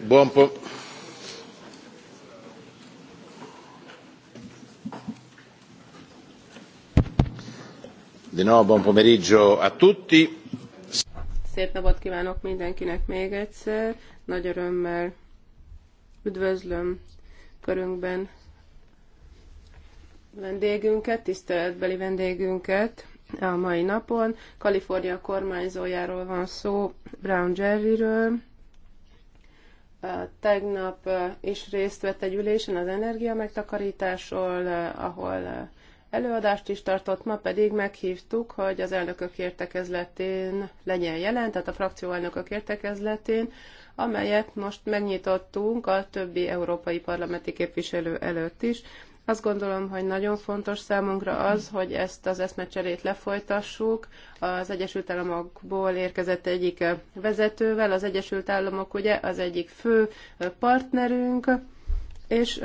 Buon po- Di nuovo buon pomeriggio a tutti. Szép napot kívánok mindenkinek még egyszer. Nagy örömmel üdvözlöm körünkben vendégünket, tiszteletbeli vendégünket a mai napon. Kalifornia kormányzójáról van szó, Brown Jerryről. Tegnap is részt vett egy ülésen az energia megtakarításról, ahol előadást is tartott, ma pedig meghívtuk, hogy az elnökök értekezletén legyen jelen, tehát a frakcióelnökök értekezletén, amelyet most megnyitottunk a többi európai parlamenti képviselő előtt is. Azt gondolom, hogy nagyon fontos számunkra az, hogy ezt az eszmecserét lefolytassuk. Az Egyesült Államokból érkezett egyik vezetővel. Az Egyesült Államok ugye az egyik fő partnerünk, és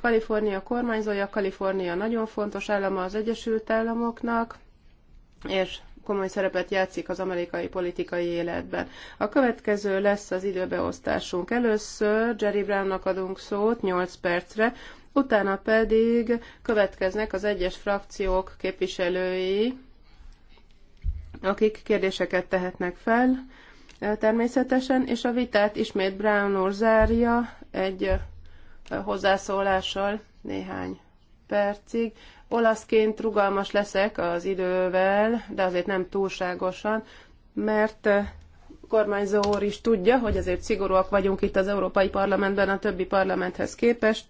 Kalifornia kormányzója, Kalifornia nagyon fontos állama az Egyesült Államoknak, és komoly szerepet játszik az amerikai politikai életben. A következő lesz az időbeosztásunk. Először Jerry Brownnak adunk szót 8 percre, utána pedig következnek az egyes frakciók képviselői, akik kérdéseket tehetnek fel eh, természetesen, és a vitát ismét Brown úr zárja egy eh, hozzászólással néhány percig. Olaszként rugalmas leszek az idővel, de azért nem túlságosan, mert eh, kormányzó úr is tudja, hogy azért szigorúak vagyunk itt az Európai Parlamentben a többi parlamenthez képest,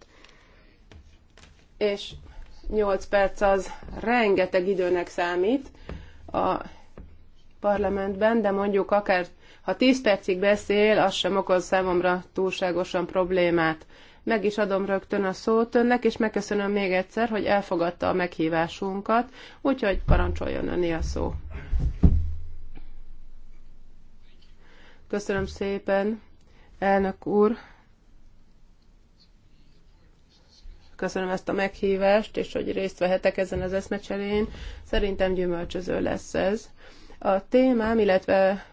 és 8 perc az rengeteg időnek számít a parlamentben, de mondjuk akár ha 10 percig beszél, az sem okoz számomra túlságosan problémát. Meg is adom rögtön a szót önnek, és megköszönöm még egyszer, hogy elfogadta a meghívásunkat, úgyhogy parancsoljon öné a szó. Köszönöm szépen, elnök úr, köszönöm ezt a meghívást, és hogy részt vehetek ezen az eszmecserén. Szerintem gyümölcsöző lesz ez. A témám, illetve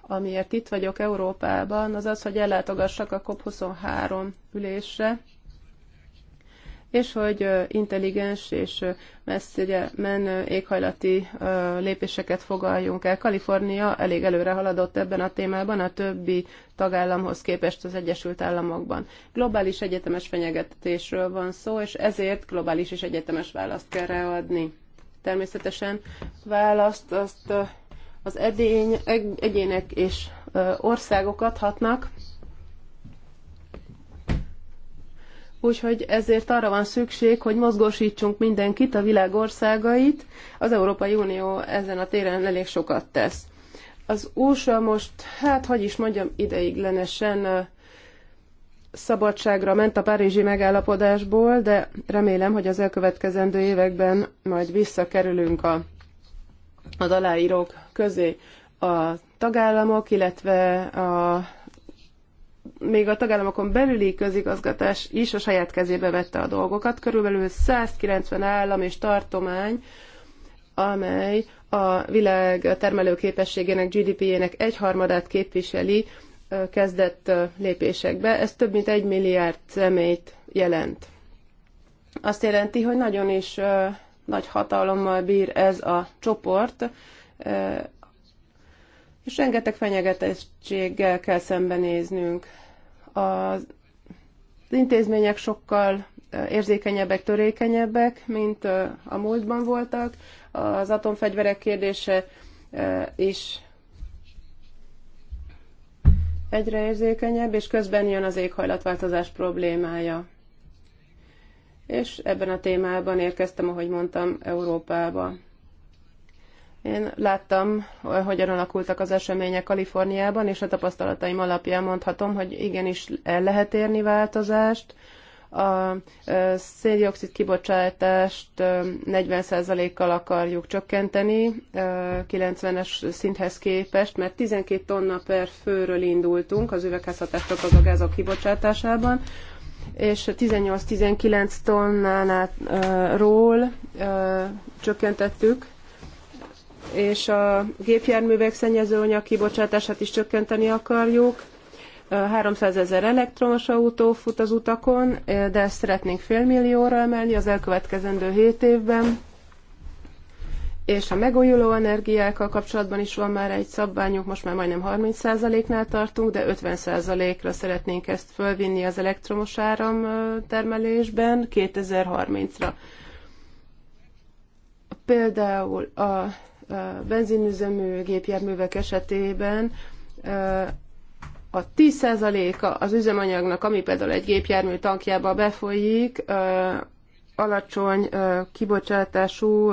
amiért itt vagyok Európában, az az, hogy ellátogassak a COP23 ülésre, és hogy intelligens és messzire menő éghajlati lépéseket fogaljunk el. Kalifornia elég előre haladott ebben a témában a többi tagállamhoz képest az Egyesült Államokban. Globális egyetemes fenyegetésről van szó, és ezért globális és egyetemes választ kell ráadni. Természetesen választ azt az edény, egyének és országok adhatnak, Úgyhogy ezért arra van szükség, hogy mozgósítsunk mindenkit, a világ országait. Az Európai Unió ezen a téren elég sokat tesz. Az USA most, hát hogy is mondjam, ideiglenesen szabadságra ment a párizsi megállapodásból, de remélem, hogy az elkövetkezendő években majd visszakerülünk a, az aláírók közé a tagállamok, illetve a még a tagállamokon belüli közigazgatás is a saját kezébe vette a dolgokat. Körülbelül 190 állam és tartomány, amely a világ termelőképességének, GDP-jének egyharmadát képviseli, kezdett lépésekbe. Ez több mint egy milliárd szemét jelent. Azt jelenti, hogy nagyon is nagy hatalommal bír ez a csoport, és rengeteg fenyegetettséggel kell szembenéznünk. Az intézmények sokkal érzékenyebbek, törékenyebbek, mint a múltban voltak. Az atomfegyverek kérdése is egyre érzékenyebb, és közben jön az éghajlatváltozás problémája. És ebben a témában érkeztem, ahogy mondtam, Európába. Én láttam, hogyan alakultak az események Kaliforniában, és a tapasztalataim alapján mondhatom, hogy igenis el lehet érni változást, a széndiokszid kibocsátást 40%-kal akarjuk csökkenteni 90-es szinthez képest, mert 12 tonna per főről indultunk az az a gázok kibocsátásában, és 18-19 ról csökkentettük és a gépjárművek szennyezőanyag kibocsátását is csökkenteni akarjuk. 300 ezer elektromos autó fut az utakon, de ezt szeretnénk félmillióra emelni az elkövetkezendő 7 évben. És a megújuló energiákkal kapcsolatban is van már egy szabványunk, most már majdnem 30%-nál tartunk, de 50%-ra szeretnénk ezt fölvinni az elektromos áram termelésben 2030-ra. Például a benzinüzemű gépjárművek esetében a 10%-a az üzemanyagnak, ami például egy gépjármű tankjába befolyik, alacsony kibocsátású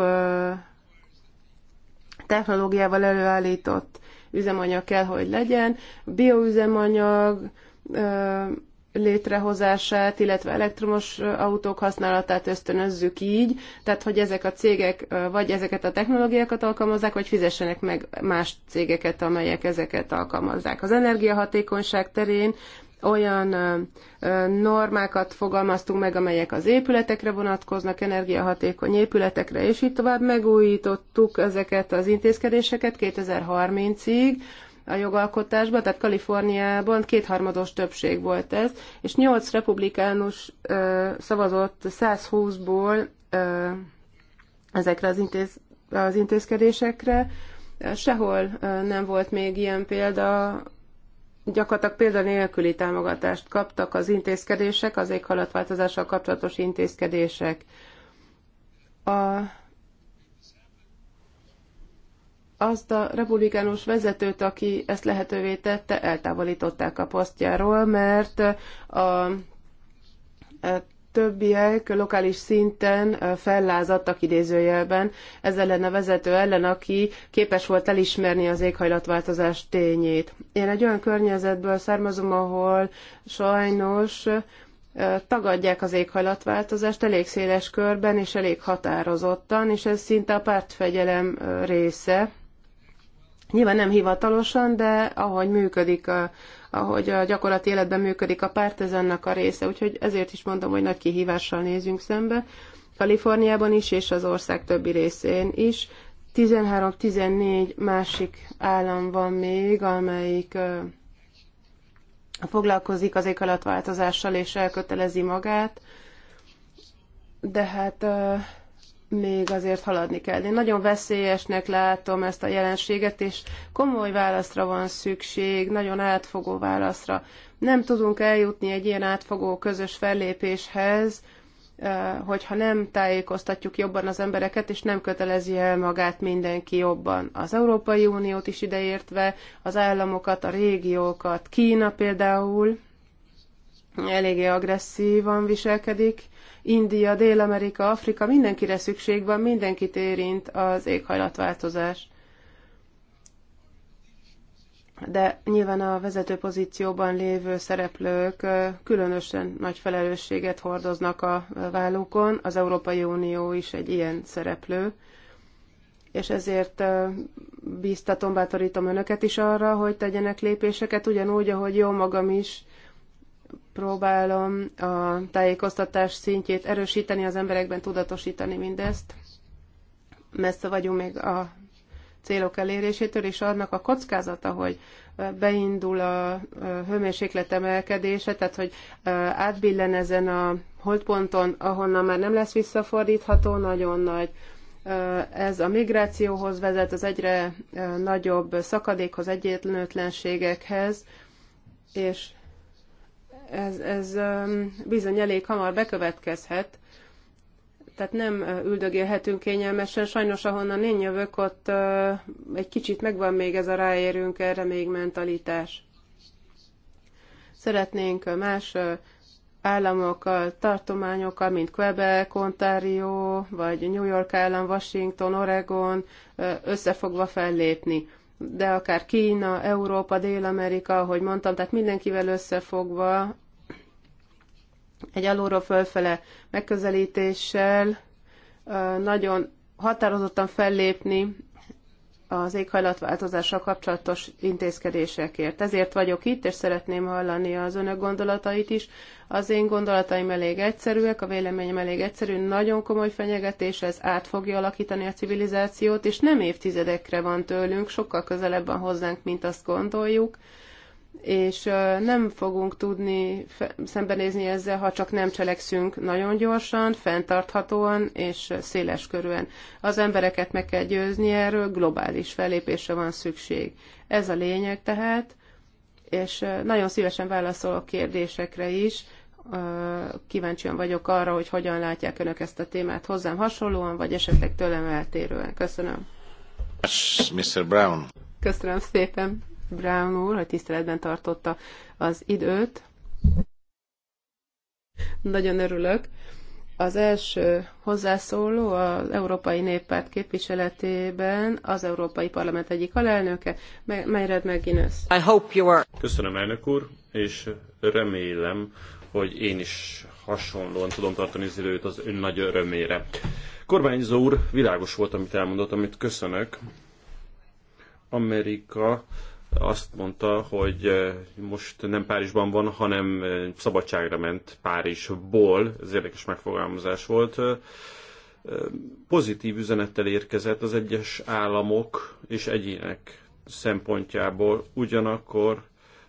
technológiával előállított üzemanyag kell, hogy legyen, bioüzemanyag, létrehozását, illetve elektromos autók használatát ösztönözzük így, tehát hogy ezek a cégek vagy ezeket a technológiákat alkalmazzák, vagy fizessenek meg más cégeket, amelyek ezeket alkalmazzák. Az energiahatékonyság terén olyan normákat fogalmaztunk meg, amelyek az épületekre vonatkoznak, energiahatékony épületekre, és így tovább megújítottuk ezeket az intézkedéseket 2030-ig, a jogalkotásban, tehát Kaliforniában kétharmados többség volt ez, és nyolc republikánus ö, szavazott 120-ból ö, ezekre az, intéz, az intézkedésekre. Sehol ö, nem volt még ilyen példa, gyakorlatilag példa nélküli támogatást kaptak az intézkedések, az éghajlatváltozással kapcsolatos intézkedések. A azt a republikánus vezetőt, aki ezt lehetővé tette, eltávolították a posztjáról, mert a többiek lokális szinten fellázadtak idézőjelben ezzel ellen a vezető ellen, aki képes volt elismerni az éghajlatváltozás tényét. Én egy olyan környezetből származom, ahol sajnos tagadják az éghajlatváltozást elég széles körben és elég határozottan, és ez szinte a pártfegyelem része. Nyilván nem hivatalosan, de ahogy működik, a, ahogy a gyakorlati életben működik a párt, ez ennek a része. Úgyhogy ezért is mondom, hogy nagy kihívással nézünk szembe. Kaliforniában is, és az ország többi részén is. 13-14 másik állam van még, amelyik foglalkozik az éghajlatváltozással és elkötelezi magát, de hát még azért haladni kell. Én nagyon veszélyesnek látom ezt a jelenséget, és komoly válaszra van szükség, nagyon átfogó válaszra. Nem tudunk eljutni egy ilyen átfogó közös fellépéshez, eh, hogyha nem tájékoztatjuk jobban az embereket, és nem kötelezi el magát mindenki jobban. Az Európai Uniót is ideértve, az államokat, a régiókat. Kína például eléggé agresszívan viselkedik, India, Dél-Amerika, Afrika, mindenkire szükség van, mindenkit érint az éghajlatváltozás. De nyilván a vezető pozícióban lévő szereplők különösen nagy felelősséget hordoznak a vállókon, az Európai Unió is egy ilyen szereplő és ezért bíztatom, bátorítom önöket is arra, hogy tegyenek lépéseket, ugyanúgy, ahogy jó magam is próbálom a tájékoztatás szintjét erősíteni, az emberekben tudatosítani mindezt. Messze vagyunk még a célok elérésétől, és annak a kockázata, hogy beindul a hőmérséklet emelkedése, tehát hogy átbillen ezen a holdponton, ahonnan már nem lesz visszafordítható, nagyon nagy. Ez a migrációhoz vezet, az egyre nagyobb szakadékhoz, egyetlenőtlenségekhez, és ez, ez bizony elég hamar bekövetkezhet, tehát nem üldögélhetünk kényelmesen. Sajnos, ahonnan én jövök, ott egy kicsit megvan még ez a ráérünk erre még mentalitás. Szeretnénk más államokkal, tartományokkal, mint Quebec, Ontario, vagy New York állam, Washington, Oregon összefogva fellépni de akár Kína, Európa, Dél-Amerika, ahogy mondtam, tehát mindenkivel összefogva egy alulról fölfele megközelítéssel nagyon határozottan fellépni az éghajlatváltozással kapcsolatos intézkedésekért. Ezért vagyok itt, és szeretném hallani az önök gondolatait is. Az én gondolataim elég egyszerűek, a véleményem elég egyszerű, nagyon komoly fenyegetés, ez át fogja alakítani a civilizációt, és nem évtizedekre van tőlünk, sokkal közelebb van hozzánk, mint azt gondoljuk és nem fogunk tudni szembenézni ezzel, ha csak nem cselekszünk nagyon gyorsan, fenntarthatóan és széles körűen. Az embereket meg kell győzni erről, globális fellépésre van szükség. Ez a lényeg tehát, és nagyon szívesen válaszolok kérdésekre is, kíváncsian vagyok arra, hogy hogyan látják önök ezt a témát hozzám hasonlóan, vagy esetleg tőlem eltérően. Köszönöm. Mr. Brown. Köszönöm szépen. Brown úr, hogy tiszteletben tartotta az időt. Nagyon örülök. Az első hozzászóló az Európai Néppárt képviseletében az Európai Parlament egyik alelnöke, Mayred McGuinness. I hope you are. Köszönöm, elnök úr, és remélem, hogy én is hasonlóan tudom tartani az időt az ön nagy örömére. Kormányzó úr, világos volt, amit elmondott, amit köszönök. Amerika azt mondta, hogy eh, most nem Párizsban van, hanem eh, szabadságra ment Párizsból, ez érdekes megfogalmazás volt. Eh, pozitív üzenettel érkezett az egyes államok és egyének szempontjából, ugyanakkor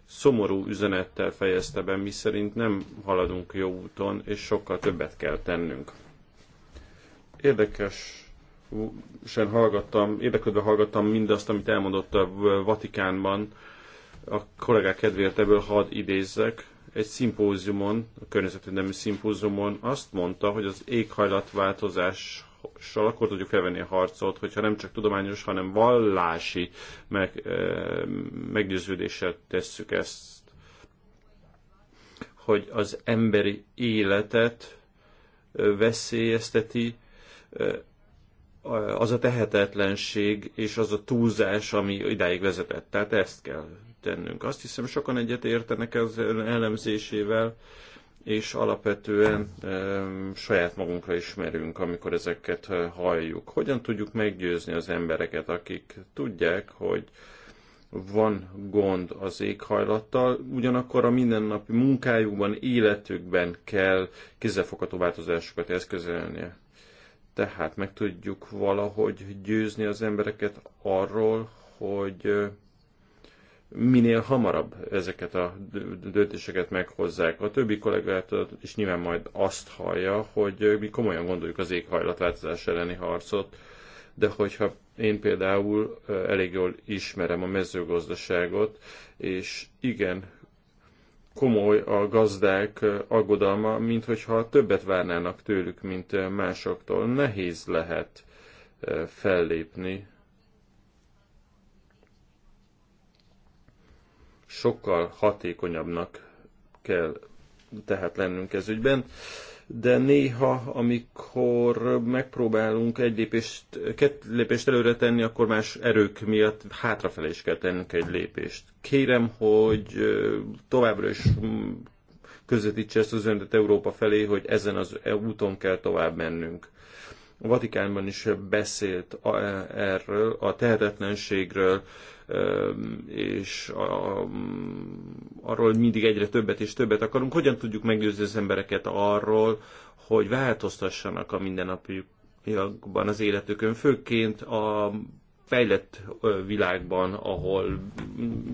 szomorú üzenettel fejezte be, miszerint nem haladunk jó úton, és sokkal többet kell tennünk. Érdekes sem hallgattam, érdeklődve hallgattam mindazt, amit elmondott a Vatikánban. A kollégák kedvéért ebből hadd idézzek. Egy szimpóziumon, a környezetvédelmi szimpóziumon azt mondta, hogy az éghajlatváltozás sal akkor tudjuk felvenni a harcot, hogyha nem csak tudományos, hanem vallási meg, eh, meggyőződéssel tesszük ezt, hogy az emberi életet eh, veszélyezteti eh, az a tehetetlenség és az a túlzás, ami idáig vezetett. Tehát ezt kell tennünk. Azt hiszem, sokan egyet értenek az elemzésével, és alapvetően e, saját magunkra ismerünk, amikor ezeket eh, halljuk. Hogyan tudjuk meggyőzni az embereket, akik tudják, hogy van gond az éghajlattal, ugyanakkor a mindennapi munkájukban, életükben kell kézzelfogható változásokat eszközelnie? tehát meg tudjuk valahogy győzni az embereket arról, hogy minél hamarabb ezeket a döntéseket meghozzák. A többi kollégát is nyilván majd azt hallja, hogy mi komolyan gondoljuk az éghajlatváltozás elleni harcot, de hogyha én például elég jól ismerem a mezőgazdaságot, és igen komoly a gazdák aggodalma, mint többet várnának tőlük, mint másoktól. Nehéz lehet fellépni. Sokkal hatékonyabbnak kell tehát lennünk ez ügyben de néha, amikor megpróbálunk egy lépést, két lépést előre tenni, akkor más erők miatt hátrafelé is kell tennünk egy lépést. Kérem, hogy továbbra is közvetítse ezt az önet Európa felé, hogy ezen az e, úton kell tovább mennünk. A Vatikánban is beszélt erről, a tehetetlenségről, és a, arról, hogy mindig egyre többet és többet akarunk. Hogyan tudjuk meggyőzni az embereket arról, hogy változtassanak a mindennapjukban az életükön, főként a fejlett világban, ahol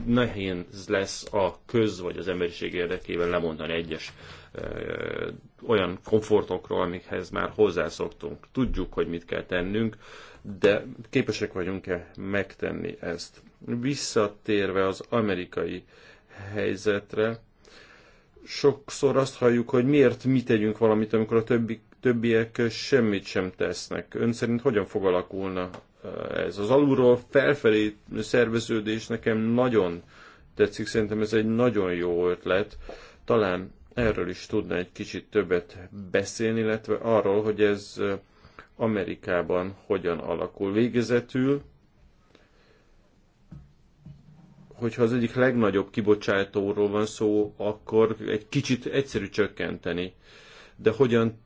nehéz lesz a köz vagy az emberiség érdekében lemondani egyes olyan komfortokról, amikhez már hozzászoktunk. Tudjuk, hogy mit kell tennünk, de képesek vagyunk-e megtenni ezt. Visszatérve az amerikai helyzetre, sokszor azt halljuk, hogy miért mi tegyünk valamit, amikor a többi, többiek semmit sem tesznek. Ön szerint hogyan fog alakulna ez az alulról felfelé szerveződés nekem nagyon tetszik, szerintem ez egy nagyon jó ötlet. Talán erről is tudna egy kicsit többet beszélni, illetve arról, hogy ez Amerikában hogyan alakul. Végezetül, hogyha az egyik legnagyobb kibocsátóról van szó, akkor egy kicsit egyszerű csökkenteni. De hogyan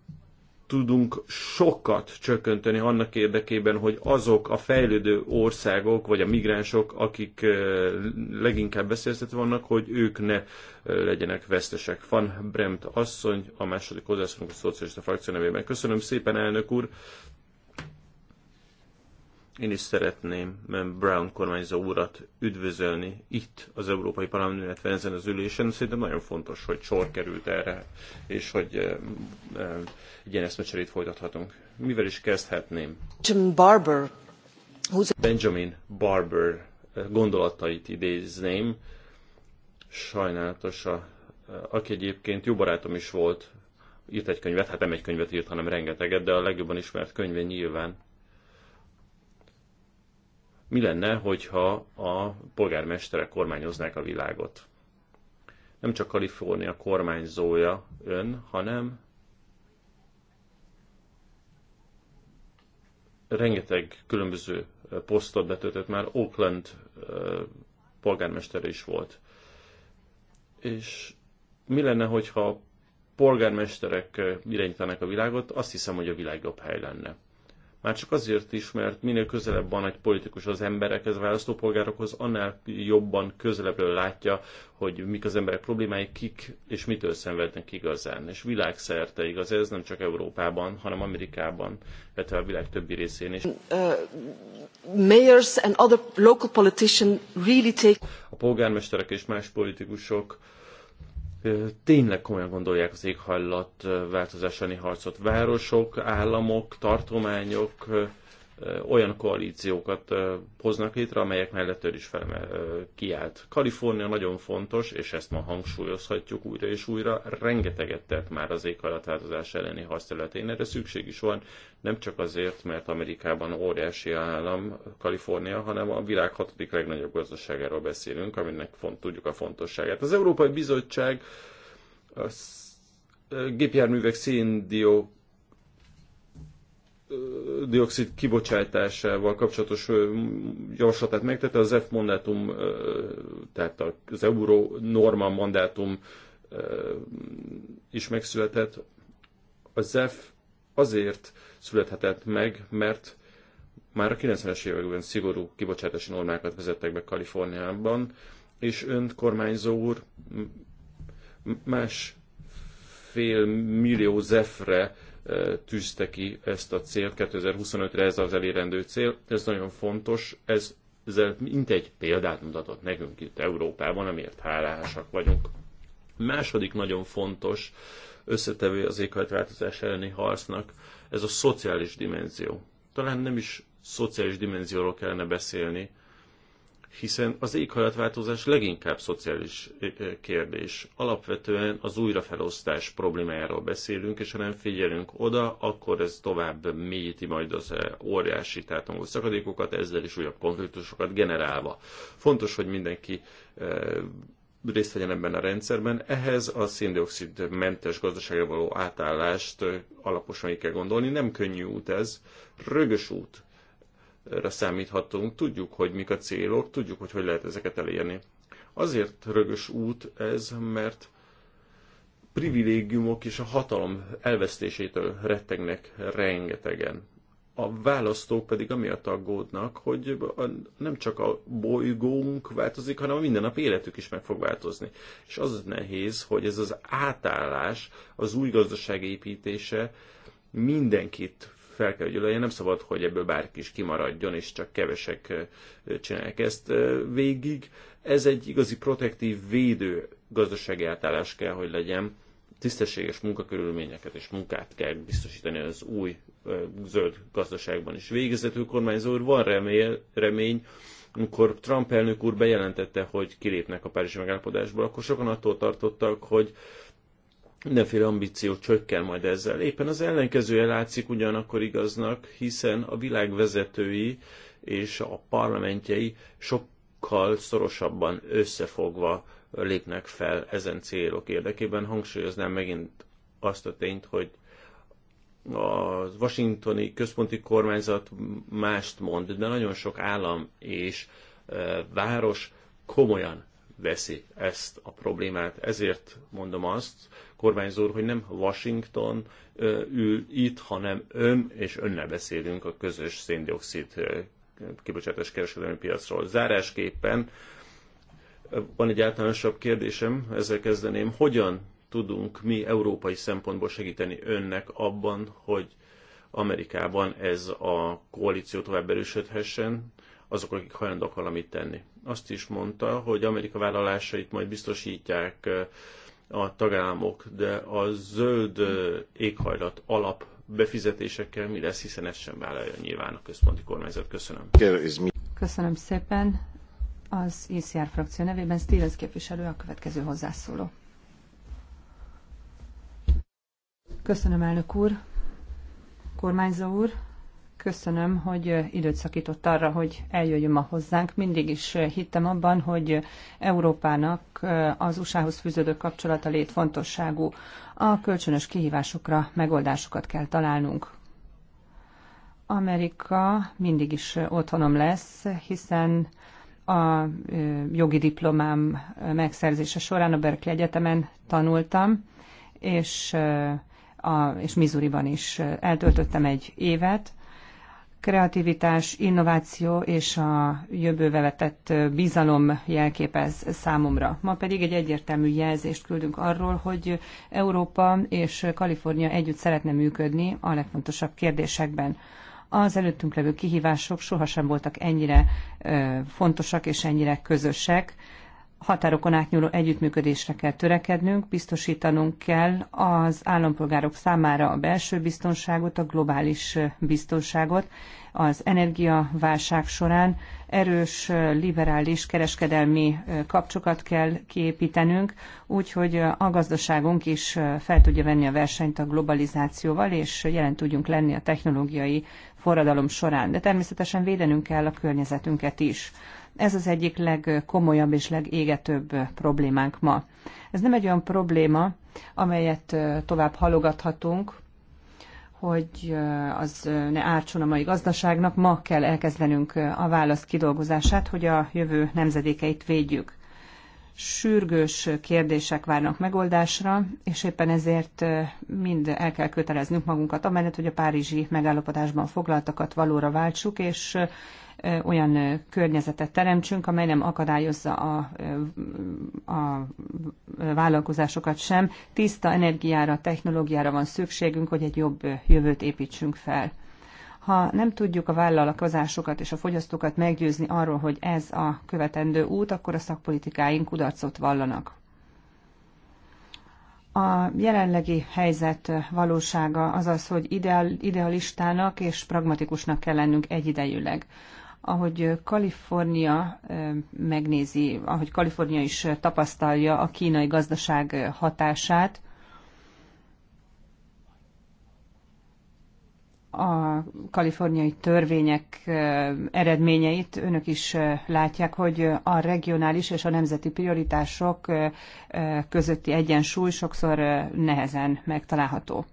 tudunk sokat csökkenteni annak érdekében, hogy azok a fejlődő országok, vagy a migránsok, akik leginkább beszélhetett vannak, hogy ők ne legyenek vesztesek. Van Bremt asszony, a második hozzászólunk a szocialista frakció nevében. Köszönöm szépen, elnök úr! Én is szeretném Brown kormányzó urat üdvözölni itt az Európai Parlament, illetve ezen az ülésen. Szerintem nagyon fontos, hogy sor került erre, és hogy e, e, egy ilyen eszmecserét folytathatunk. Mivel is kezdhetném? Benjamin Barber. Benjamin Barber eh, gondolatait idézném. Sajnálatos, a, aki egyébként jó barátom is volt, írt egy könyvet, hát nem egy könyvet írt, hanem rengeteget, de a legjobban ismert könyve nyilván mi lenne, hogyha a polgármesterek kormányoznák a világot? Nem csak Kalifornia kormányzója ön, hanem rengeteg különböző posztot betöltött, már Oakland polgármester is volt. És mi lenne, hogyha polgármesterek irányítanák a világot? Azt hiszem, hogy a világ jobb hely lenne. Már csak azért is, mert minél közelebb van egy politikus az emberekhez, a választópolgárokhoz, annál jobban közelebbről látja, hogy mik az emberek problémái, kik és mitől szenvednek igazán. És világszerte igaz ez, nem csak Európában, hanem Amerikában, illetve a világ többi részén is. Uh, mayors and other local politicians really take... A polgármesterek és más politikusok tényleg komolyan gondolják az éghajlat változásani harcot. Városok, államok, tartományok olyan koalíciókat hoznak létre, amelyek mellett ő is fel kiállt. Kalifornia nagyon fontos, és ezt ma hangsúlyozhatjuk újra és újra, rengeteget tett már az éghajlatváltozás elleni harc területén, erre szükség is van, nem csak azért, mert Amerikában óriási állam Kalifornia, hanem a világ hatodik legnagyobb gazdaságáról beszélünk, aminek font, tudjuk a fontosságát. Az Európai Bizottság a gépjárművek széndiok dioxid kibocsátásával kapcsolatos javaslatát megtette, az F mandátum, tehát az euró norma mandátum is megszületett. Az F azért születhetett meg, mert már a 90-es években szigorú kibocsátási normákat vezettek be Kaliforniában, és kormányzó úr más fél millió zefre tűzte ki ezt a célt, 2025-re ez az elérendő cél. Ez nagyon fontos, ez ezzel mintegy példát mutatott nekünk itt Európában, amiért hálásak vagyunk. Második nagyon fontos összetevő az éghajtváltozás elleni harcnak, ez a szociális dimenzió. Talán nem is szociális dimenzióról kellene beszélni, hiszen az éghajlatváltozás leginkább szociális kérdés. Alapvetően az újrafelosztás problémájáról beszélünk, és ha nem figyelünk oda, akkor ez tovább mélyíti majd az óriási tátongó szakadékokat, ezzel is újabb konfliktusokat generálva. Fontos, hogy mindenki részt vegyen ebben a rendszerben. Ehhez a széndiokszid mentes gazdaságra való átállást alaposan így kell gondolni. Nem könnyű út ez, rögös út számíthatunk, tudjuk, hogy mik a célok, tudjuk, hogy hogy lehet ezeket elérni. Azért rögös út ez, mert privilégiumok és a hatalom elvesztésétől rettegnek rengetegen. A választók pedig amiatt aggódnak, hogy a, nem csak a bolygónk változik, hanem a mindennap életük is meg fog változni. És az nehéz, hogy ez az átállás, az új gazdaság építése mindenkit fel kell, hogy ülje. Nem szabad, hogy ebből bárki is kimaradjon, és csak kevesek csinálják ezt végig. Ez egy igazi protektív, védő gazdasági átállás kell, hogy legyen. Tisztességes munkakörülményeket és munkát kell biztosítani az új zöld gazdaságban is. Végezetül kormányzó úr, van remény, remény amikor Trump elnök úr bejelentette, hogy kilépnek a Párizsi megállapodásból, akkor sokan attól tartottak, hogy mindenféle ambíció csökken majd ezzel. Éppen az ellenkezője látszik ugyanakkor igaznak, hiszen a világ vezetői és a parlamentjei sokkal szorosabban összefogva lépnek fel ezen célok érdekében. Hangsúlyoznám megint azt a tényt, hogy a washingtoni központi kormányzat mást mond, de nagyon sok állam és eh, város komolyan veszi ezt a problémát. Ezért mondom azt, kormányzó hogy nem Washington ül itt, hanem ön és önnel beszélünk a közös széndiokszid kibocsátás kereskedelmi piacról. Zárásképpen van egy általánosabb kérdésem, ezzel kezdeném. Hogyan tudunk mi európai szempontból segíteni önnek abban, hogy Amerikában ez a koalíció tovább erősödhessen, azok, akik hajlandók valamit tenni. Azt is mondta, hogy Amerika vállalásait majd biztosítják a tagállamok, de a zöld éghajlat alap befizetésekkel mi lesz, hiszen ezt sem vállalja nyilván a központi kormányzat. Köszönöm. Köszönöm szépen. Az ICR frakció nevében Stevens képviselő a következő hozzászóló. Köszönöm, elnök úr, kormányzó úr, köszönöm, hogy időt szakított arra, hogy eljöjjön ma hozzánk. Mindig is hittem abban, hogy Európának az USA-hoz fűződő kapcsolata fontosságú. A kölcsönös kihívásokra megoldásokat kell találnunk. Amerika mindig is otthonom lesz, hiszen a jogi diplomám megszerzése során a Berkeley Egyetemen tanultam, és, a, és Missouriban is eltöltöttem egy évet, kreativitás, innováció és a jövővel vetett bizalom jelképez számomra. Ma pedig egy egyértelmű jelzést küldünk arról, hogy Európa és Kalifornia együtt szeretne működni a legfontosabb kérdésekben. Az előttünk levő kihívások sohasem voltak ennyire fontosak és ennyire közösek határokon átnyúló együttműködésre kell törekednünk, biztosítanunk kell az állampolgárok számára a belső biztonságot, a globális biztonságot. Az energiaválság során erős, liberális kereskedelmi kapcsokat kell kiépítenünk, úgyhogy a gazdaságunk is fel tudja venni a versenyt a globalizációval, és jelen tudjunk lenni a technológiai forradalom során. De természetesen védenünk kell a környezetünket is ez az egyik legkomolyabb és legégetőbb problémánk ma. Ez nem egy olyan probléma, amelyet tovább halogathatunk, hogy az ne ártson a mai gazdaságnak. Ma kell elkezdenünk a válasz kidolgozását, hogy a jövő nemzedékeit védjük sürgős kérdések várnak megoldásra, és éppen ezért mind el kell köteleznünk magunkat, amellett, hogy a párizsi megállapodásban foglaltakat valóra váltsuk, és olyan környezetet teremtsünk, amely nem akadályozza a, a vállalkozásokat sem. Tiszta energiára, technológiára van szükségünk, hogy egy jobb jövőt építsünk fel. Ha nem tudjuk a vállalkozásokat és a fogyasztókat meggyőzni arról, hogy ez a követendő út, akkor a szakpolitikáink kudarcot vallanak. A jelenlegi helyzet valósága az az, hogy ideal, idealistának és pragmatikusnak kell lennünk egyidejűleg. Ahogy Kalifornia megnézi, ahogy Kalifornia is tapasztalja a kínai gazdaság hatását, a kaliforniai törvények eredményeit önök is látják, hogy a regionális és a nemzeti prioritások közötti egyensúly sokszor nehezen megtalálható.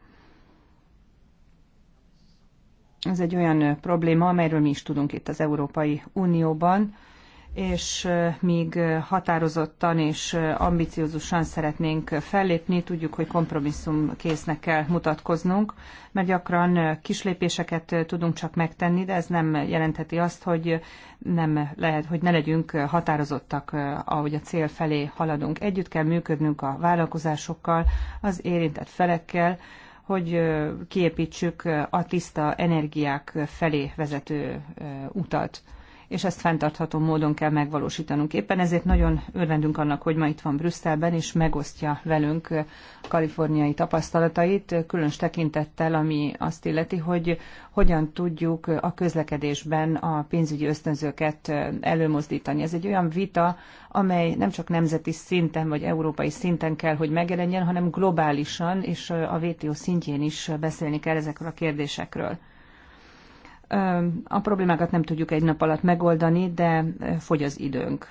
Ez egy olyan probléma, amelyről mi is tudunk itt az Európai Unióban, és míg határozottan és ambiciózusan szeretnénk fellépni, tudjuk, hogy kompromisszum késznek kell mutatkoznunk, mert gyakran kislépéseket tudunk csak megtenni, de ez nem jelentheti azt, hogy nem lehet, hogy ne legyünk határozottak, ahogy a cél felé haladunk. Együtt kell működnünk a vállalkozásokkal, az érintett felekkel, hogy kiépítsük a tiszta energiák felé vezető utat és ezt fenntartható módon kell megvalósítanunk. Éppen ezért nagyon örvendünk annak, hogy ma itt van Brüsszelben, és megosztja velünk kaliforniai tapasztalatait, különös tekintettel, ami azt illeti, hogy hogyan tudjuk a közlekedésben a pénzügyi ösztönzőket előmozdítani. Ez egy olyan vita, amely nem csak nemzeti szinten vagy európai szinten kell, hogy megjelenjen, hanem globálisan és a WTO szintjén is beszélni kell ezekről a kérdésekről. A problémákat nem tudjuk egy nap alatt megoldani, de fogy az időnk.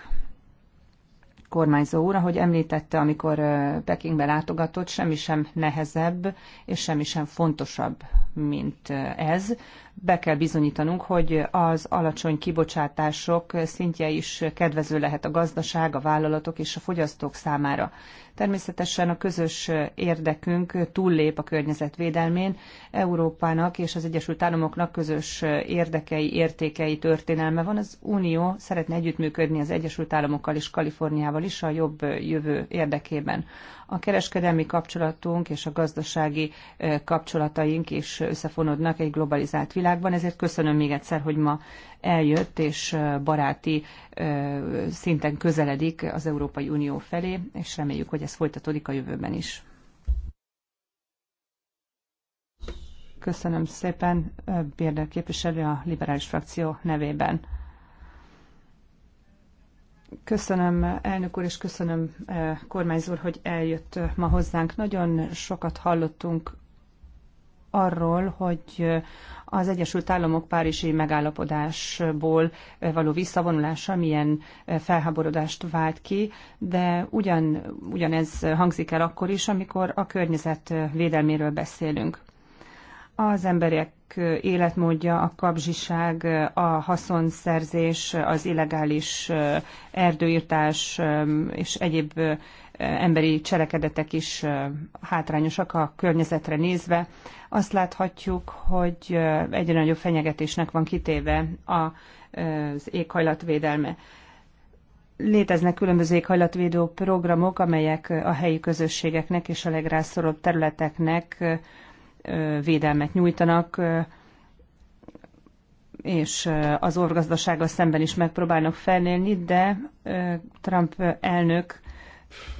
Kormányzó úr, ahogy említette, amikor Pekingbe látogatott, semmi sem nehezebb és semmi sem fontosabb, mint ez be kell bizonyítanunk, hogy az alacsony kibocsátások szintje is kedvező lehet a gazdaság, a vállalatok és a fogyasztók számára. Természetesen a közös érdekünk túllép a környezetvédelmén. Európának és az Egyesült Államoknak közös érdekei, értékei, történelme van. Az Unió szeretne együttműködni az Egyesült Államokkal és Kaliforniával is a jobb jövő érdekében. A kereskedelmi kapcsolatunk és a gazdasági kapcsolataink is összefonódnak egy globalizált világ világban, ezért köszönöm még egyszer, hogy ma eljött és baráti szinten közeledik az Európai Unió felé, és reméljük, hogy ez folytatódik a jövőben is. Köszönöm szépen, Bérder képviselő a liberális frakció nevében. Köszönöm, elnök úr, és köszönöm, kormányzó hogy eljött ma hozzánk. Nagyon sokat hallottunk arról, hogy az Egyesült Államok Párizsi megállapodásból való visszavonulása milyen felháborodást vált ki, de ugyan, ugyanez hangzik el akkor is, amikor a környezet védelméről beszélünk. Az emberek életmódja, a kapzsiság, a haszonszerzés, az illegális erdőírtás és egyéb emberi cselekedetek is hátrányosak a környezetre nézve. Azt láthatjuk, hogy egyre nagyobb fenyegetésnek van kitéve az éghajlatvédelme. Léteznek különböző éghajlatvédő programok, amelyek a helyi közösségeknek és a legrászorulóbb területeknek védelmet nyújtanak, és az orgazdasággal szemben is megpróbálnak felnélni, de Trump elnök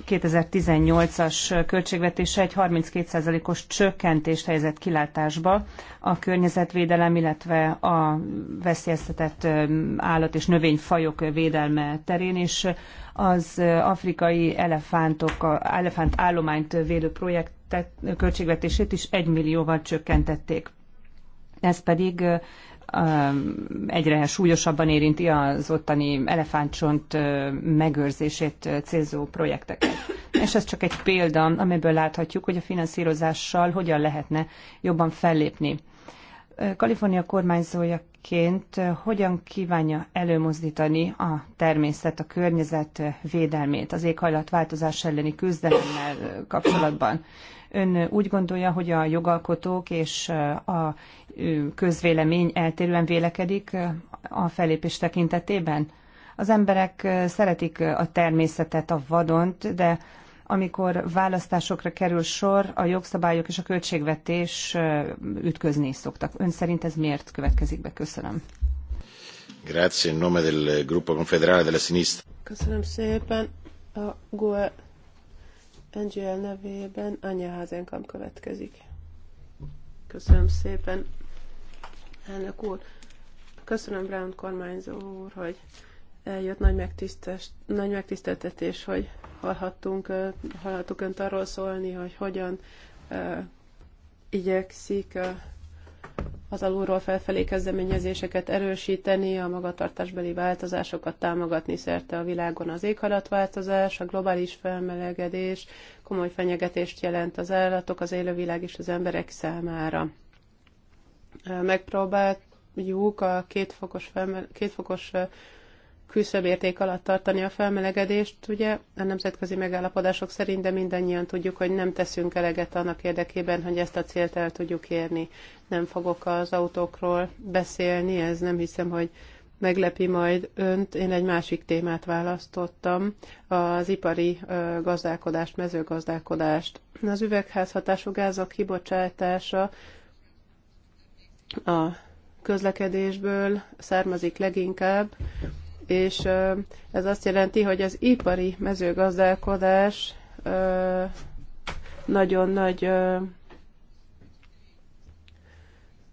2018-as költségvetése egy 32%-os csökkentést helyezett kilátásba a környezetvédelem, illetve a veszélyeztetett állat- és növényfajok védelme terén, és az afrikai elefántok, elefánt állományt védő projekt költségvetését is 1 millióval csökkentették. Ez pedig egyre súlyosabban érinti az ottani elefántcsont megőrzését célzó projekteket. És ez csak egy példa, amelyből láthatjuk, hogy a finanszírozással hogyan lehetne jobban fellépni. Kalifornia kormányzójaként hogyan kívánja előmozdítani a természet, a környezet védelmét az éghajlatváltozás elleni küzdelemmel kapcsolatban? Ön úgy gondolja, hogy a jogalkotók és a közvélemény eltérően vélekedik a felépés tekintetében? Az emberek szeretik a természetet, a vadont, de amikor választásokra kerül sor, a jogszabályok és a költségvetés ütközni szoktak. Ön szerint ez miért következik be? Köszönöm. Grazie, in nome del gruppo confederale della sinistra. Köszönöm szépen. A GUE NGL nevében Anya Házenkamp következik. Köszönöm szépen, elnök úr. Köszönöm Brown kormányzó úr, hogy eljött nagy, nagy megtiszteltetés, hogy hallhattunk, hallhattuk önt arról szólni, hogy hogyan igyekszik az alulról felfelé kezdeményezéseket erősíteni, a magatartásbeli változásokat támogatni szerte a világon. Az éghajlatváltozás, a globális felmelegedés komoly fenyegetést jelent az állatok, az élővilág és az emberek számára. Megpróbáljuk a kétfokos, felmele- kétfokos érték alatt tartani a felmelegedést, ugye a nemzetközi megállapodások szerint, de mindannyian tudjuk, hogy nem teszünk eleget annak érdekében, hogy ezt a célt el tudjuk érni. Nem fogok az autókról beszélni, ez nem hiszem, hogy meglepi majd önt. Én egy másik témát választottam, az ipari gazdálkodást, mezőgazdálkodást. Az üvegházhatású gázok kibocsátása a közlekedésből származik leginkább, és ez azt jelenti, hogy az ipari mezőgazdálkodás nagyon nagy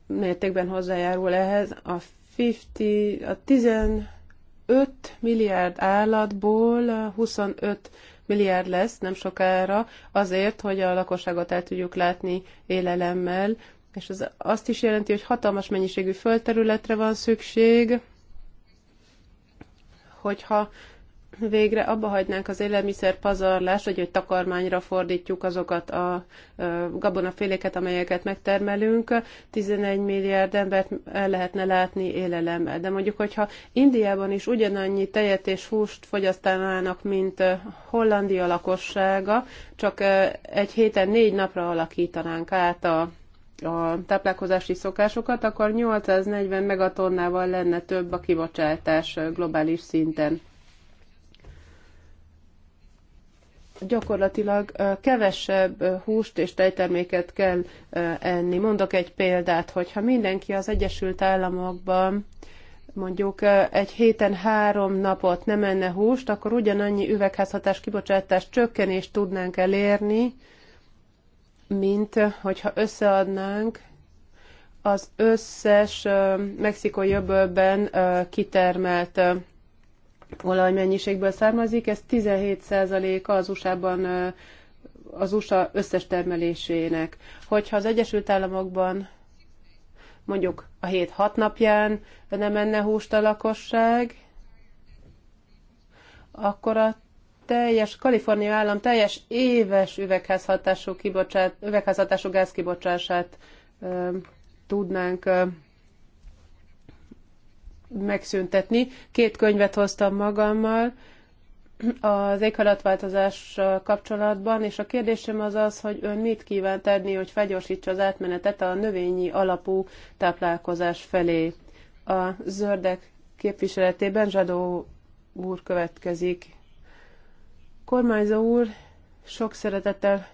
mértékben hozzájárul ehhez. A 50, a 15 milliárd állatból 25 milliárd lesz nem sokára azért, hogy a lakosságot el tudjuk látni élelemmel, és ez azt is jelenti, hogy hatalmas mennyiségű földterületre van szükség, hogyha végre abba hagynánk az élelmiszer pazarlást, vagy hogy takarmányra fordítjuk azokat a gabonaféléket, amelyeket megtermelünk, 11 milliárd embert el lehetne látni élelemmel. De mondjuk, hogyha Indiában is ugyanannyi tejet és húst fogyasztanának, mint Hollandia lakossága, csak egy héten négy napra alakítanánk át a a táplálkozási szokásokat, akkor 840 megatonnával lenne több a kibocsátás globális szinten. Gyakorlatilag kevesebb húst és tejterméket kell enni. Mondok egy példát, hogyha mindenki az Egyesült Államokban mondjuk egy héten három napot nem enne húst, akkor ugyanannyi üvegházhatás kibocsátás csökkenést tudnánk elérni, mint hogyha összeadnánk az összes mexikai öbölben kitermelt olajmennyiségből származik, ez 17%-a az USA-ban az USA összes termelésének. Hogyha az Egyesült Államokban mondjuk a hét hat napján nem enne húst a lakosság, akkor a teljes, Kalifornia állam teljes éves üvegházhatású, kibocsát, üvegházhatású gázkibocsását ö, tudnánk ö, megszüntetni. Két könyvet hoztam magammal az éghajlatváltozás kapcsolatban, és a kérdésem az az, hogy ön mit kíván tenni, hogy felgyorsítsa az átmenetet a növényi alapú táplálkozás felé. A zöldek képviseletében Zsadó úr következik. Kormányzó úr, sok szeretettel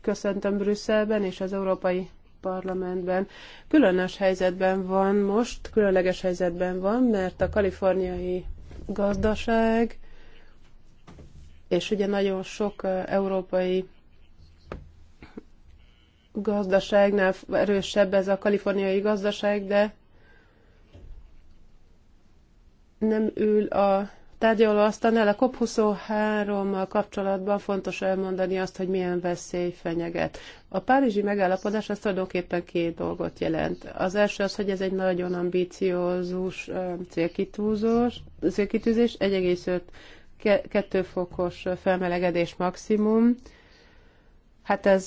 köszöntöm Brüsszelben és az Európai Parlamentben. Különös helyzetben van most, különleges helyzetben van, mert a kaliforniai gazdaság és ugye nagyon sok európai gazdaságnál erősebb ez a kaliforniai gazdaság, de nem ül a tárgyalóasztalnál a COP23-mal kapcsolatban fontos elmondani azt, hogy milyen veszély fenyeget. A párizsi megállapodás az tulajdonképpen két dolgot jelent. Az első az, hogy ez egy nagyon ambiciózus célkitűzés, 1,5-2 fokos felmelegedés maximum, Hát ez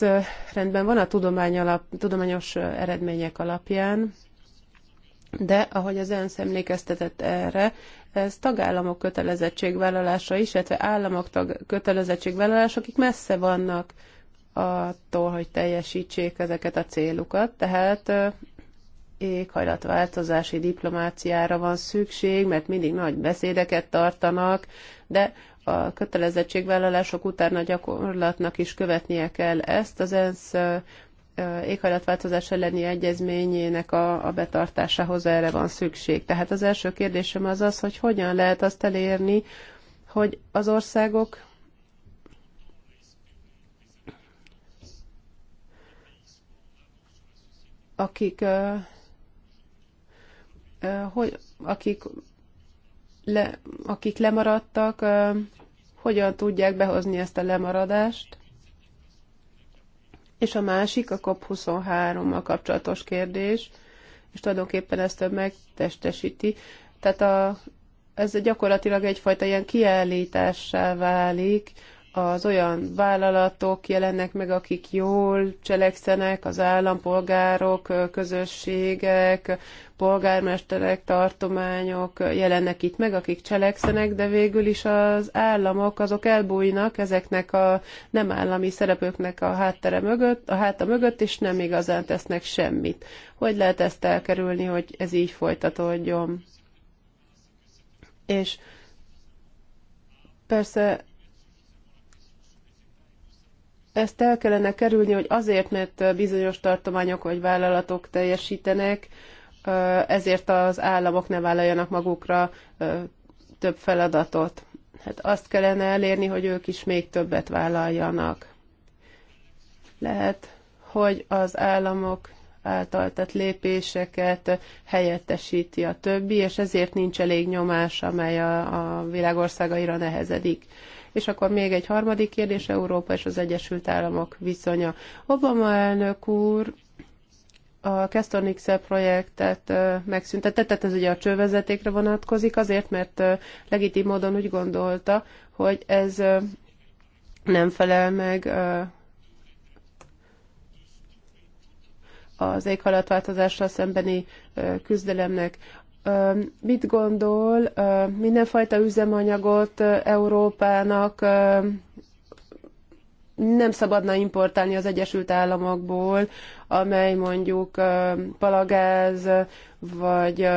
rendben van a tudomány alap, tudományos eredmények alapján, de ahogy az ENSZ emlékeztetett erre, ez tagállamok kötelezettségvállalása is, illetve államok tag- kötelezettségvállalása, akik messze vannak attól, hogy teljesítsék ezeket a célukat. Tehát éghajlatváltozási diplomáciára van szükség, mert mindig nagy beszédeket tartanak, de a kötelezettségvállalások után a gyakorlatnak is követnie kell ezt. Az ENSZ éghajlatváltozás elleni egyezményének a, a betartásához erre van szükség. Tehát az első kérdésem az az, hogy hogyan lehet azt elérni, hogy az országok akik, hogy, akik, le, akik lemaradtak, hogyan tudják behozni ezt a lemaradást, és a másik a COP23-mal kapcsolatos kérdés, és tulajdonképpen ezt megtestesíti. Tehát a, ez gyakorlatilag egyfajta ilyen kiállítással válik, az olyan vállalatok jelennek meg, akik jól cselekszenek, az állampolgárok, közösségek, polgármesterek, tartományok jelennek itt meg, akik cselekszenek, de végül is az államok azok elbújnak ezeknek a nem állami szereplőknek a háttere mögött, a háta mögött, és nem igazán tesznek semmit. Hogy lehet ezt elkerülni, hogy ez így folytatódjon? És persze ezt el kellene kerülni, hogy azért, mert bizonyos tartományok vagy vállalatok teljesítenek, ezért az államok ne vállaljanak magukra több feladatot. Hát azt kellene elérni, hogy ők is még többet vállaljanak. Lehet, hogy az államok által tett lépéseket helyettesíti a többi, és ezért nincs elég nyomás, amely a, a világországaira nehezedik. És akkor még egy harmadik kérdés, Európa és az Egyesült Államok viszonya. Obama elnök úr a Castornix projektet megszüntetett, tehát ez ugye a csővezetékre vonatkozik, azért, mert legitim módon úgy gondolta, hogy ez nem felel meg az éghajlatváltozással szembeni küzdelemnek mit gondol mindenfajta üzemanyagot Európának nem szabadna importálni az Egyesült Államokból, amely mondjuk palagáz vagy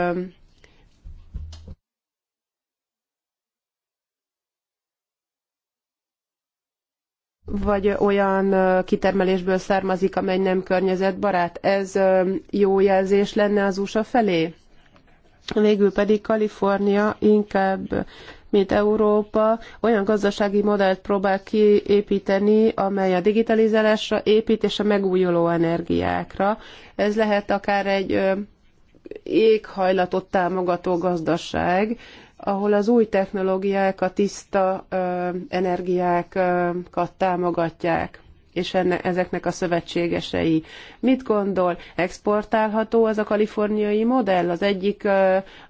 vagy olyan kitermelésből származik, amely nem környezetbarát. Ez jó jelzés lenne az USA felé? Végül pedig Kalifornia inkább mint Európa olyan gazdasági modellt próbál kiépíteni, amely a digitalizálásra épít és a megújuló energiákra. Ez lehet akár egy éghajlatot támogató gazdaság, ahol az új technológiák, a tiszta energiákat támogatják és enne, ezeknek a szövetségesei. Mit gondol, exportálható az a kaliforniai modell az egyik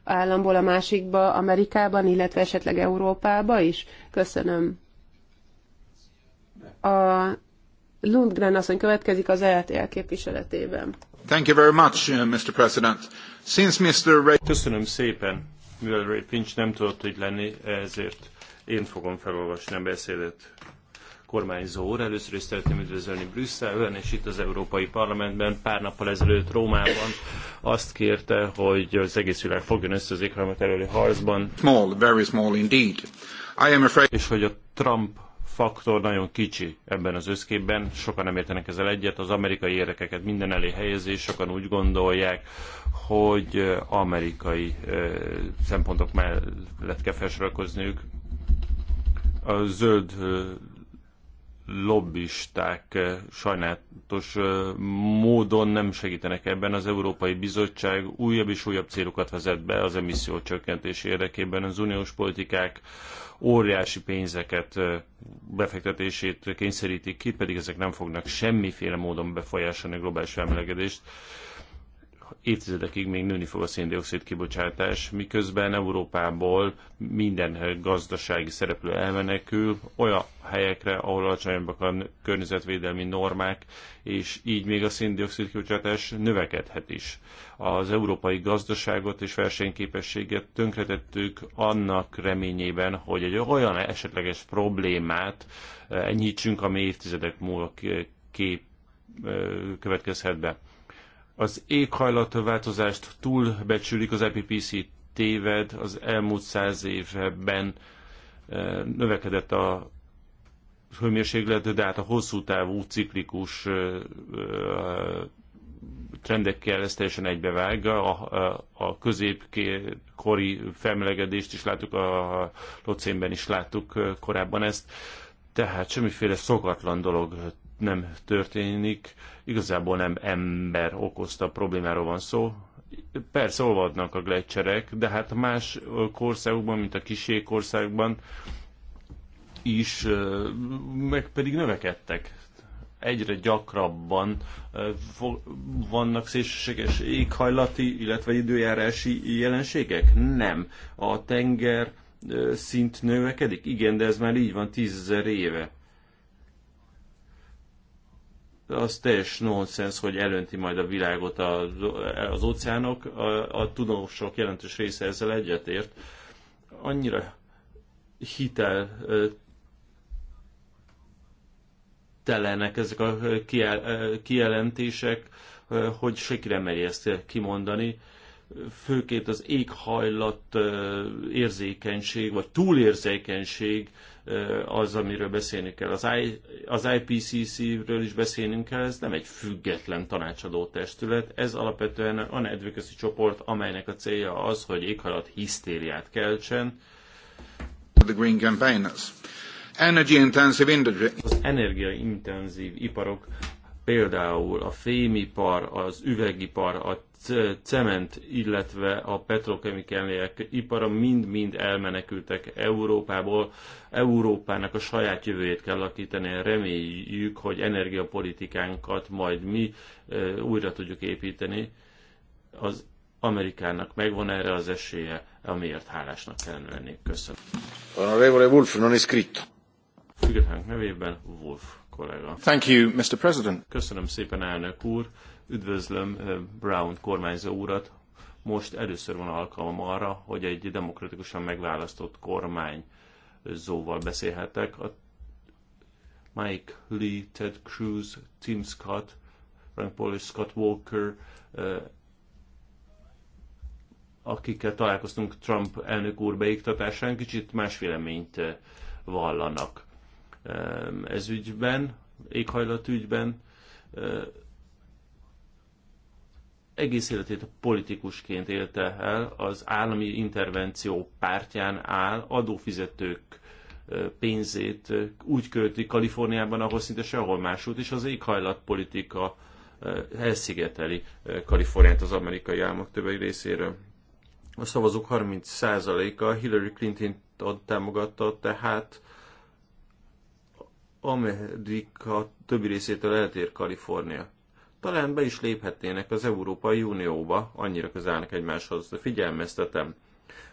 államból a másikba, Amerikában, illetve esetleg Európába is? Köszönöm. A Lundgren asszony következik az ELTL képviseletében. Thank you very much, uh, Mr. President. Since Mr. Ray... Köszönöm szépen, mivel Ray Pinch nem tudott így lenni, ezért én fogom felolvasni a beszédet kormányzó úr. Először is szeretném üdvözölni Brüsszelben és itt az Európai Parlamentben. Pár nappal ezelőtt Rómában azt kérte, hogy az egész világ fogjon össze az éghajlat előli harcban. Small, very small indeed. I am afraid... És hogy a Trump faktor nagyon kicsi ebben az összképben, sokan nem értenek ezzel egyet, az amerikai érdekeket minden elé helyezés, sokan úgy gondolják, hogy amerikai szempontok mellett kell felsorakozniuk. A zöld lobbisták eh, sajnálatos eh, módon nem segítenek ebben. Az Európai Bizottság újabb és újabb célokat vezet be az emisszió csökkentés érdekében. Az uniós politikák óriási pénzeket eh, befektetését kényszerítik ki, pedig ezek nem fognak semmiféle módon befolyásolni a globális felmelegedést évtizedekig még nőni fog a széndiokszid kibocsátás, miközben Európából minden gazdasági szereplő elmenekül olyan helyekre, ahol alacsonyabbak a környezetvédelmi normák, és így még a széndiokszid kibocsátás növekedhet is. Az európai gazdaságot és versenyképességet tönkretettük annak reményében, hogy egy olyan esetleges problémát eh, enyhítsünk, ami évtizedek múlva kép eh, következhet be. Az éghajlatváltozást túlbecsülik, az IPPC e téved, az elmúlt száz évben eh, növekedett a hőmérséklet, de hát a hosszú távú ciklikus eh, eh, trendekkel ez teljesen egybevág. A, a, a középkori felmelegedést is láttuk, a locénben is láttuk korábban ezt. Tehát semmiféle szokatlan dolog nem történik. Igazából nem ember okozta problémáról van szó. Persze olvadnak a gletszerek, de hát más országokban, mint a kisék országban is, meg pedig növekedtek. Egyre gyakrabban vannak szélsőséges éghajlati, illetve időjárási jelenségek? Nem. A tenger szint növekedik? Igen, de ez már így van tízezer éve az teljes nonsens, hogy elönti majd a világot az, az óceánok. A, a tudósok jelentős része ezzel egyetért. Annyira hitel telenek ezek a kijelentések, hogy senki nem meri ezt kimondani. Főként az éghajlat érzékenység, vagy túlérzékenység az, amiről beszélni kell. Az, I, az IPCC-ről is beszélnünk kell, ez nem egy független tanácsadó testület, ez alapvetően a nedvőközi csoport, amelynek a célja az, hogy éghajlat hisztériát keltsen. The green campaigners. Energy intensive industry. Az energiaintenzív iparok például a fémipar, az üvegipar, a cement, illetve a petrokemikáliák ipara mind-mind elmenekültek Európából. Európának a saját jövőjét kell alakítani. Reméljük, hogy energiapolitikánkat majd mi újra tudjuk építeni. Az Amerikának megvan erre az esélye, amiért hálásnak kellene lenni. Köszönöm. Honorable Wolf, non iscritto. Függetlenk nevében Wolf kollega. Thank you, Mr. President. Köszönöm szépen, elnök úr. Üdvözlöm eh, Brown kormányzó urat. Most először van alkalom arra, hogy egy demokratikusan megválasztott kormányzóval beszélhetek. A Mike Lee, Ted Cruz, Tim Scott, Frank Paul és Scott Walker, eh, akikkel találkoztunk Trump elnök úr beiktatásán, kicsit más véleményt eh, vallanak ez ügyben, éghajlatügyben egész életét politikusként élte el, az állami intervenció pártján áll, adófizetők pénzét úgy költi Kaliforniában, ahol szinte sehol máshogy, és az éghajlatpolitika elszigeteli Kaliforniát az amerikai álmok többi részéről. A szavazók 30%-a Hillary clinton támogatta, tehát Amerika többi részétől eltér Kalifornia talán be is léphetnének az Európai Unióba, annyira közelnek egymáshoz. egymáshoz, figyelmeztetem.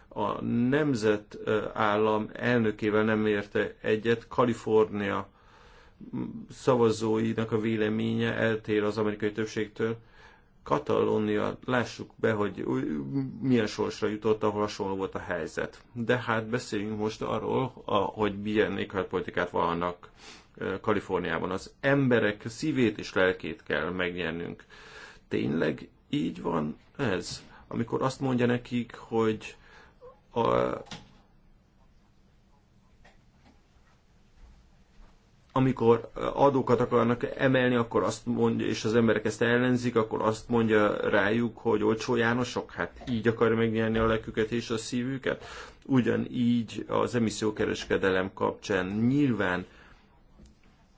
A nemzetállam elnökével nem érte egyet, Kalifornia szavazóinak a véleménye eltér az amerikai többségtől. Katalónia, lássuk be, hogy milyen sorsra jutott, ahol hasonló volt a helyzet. De hát beszéljünk most arról, hogy milyen éghajlatpolitikát vannak Kaliforniában. Az emberek szívét és lelkét kell megnyernünk. Tényleg így van ez? Amikor azt mondja nekik, hogy a, amikor adókat akarnak emelni, akkor azt mondja, és az emberek ezt ellenzik, akkor azt mondja rájuk, hogy olcsó Jánosok, hát így akar megnyerni a lelküket és a szívüket. Ugyanígy az emissziókereskedelem kapcsán nyilván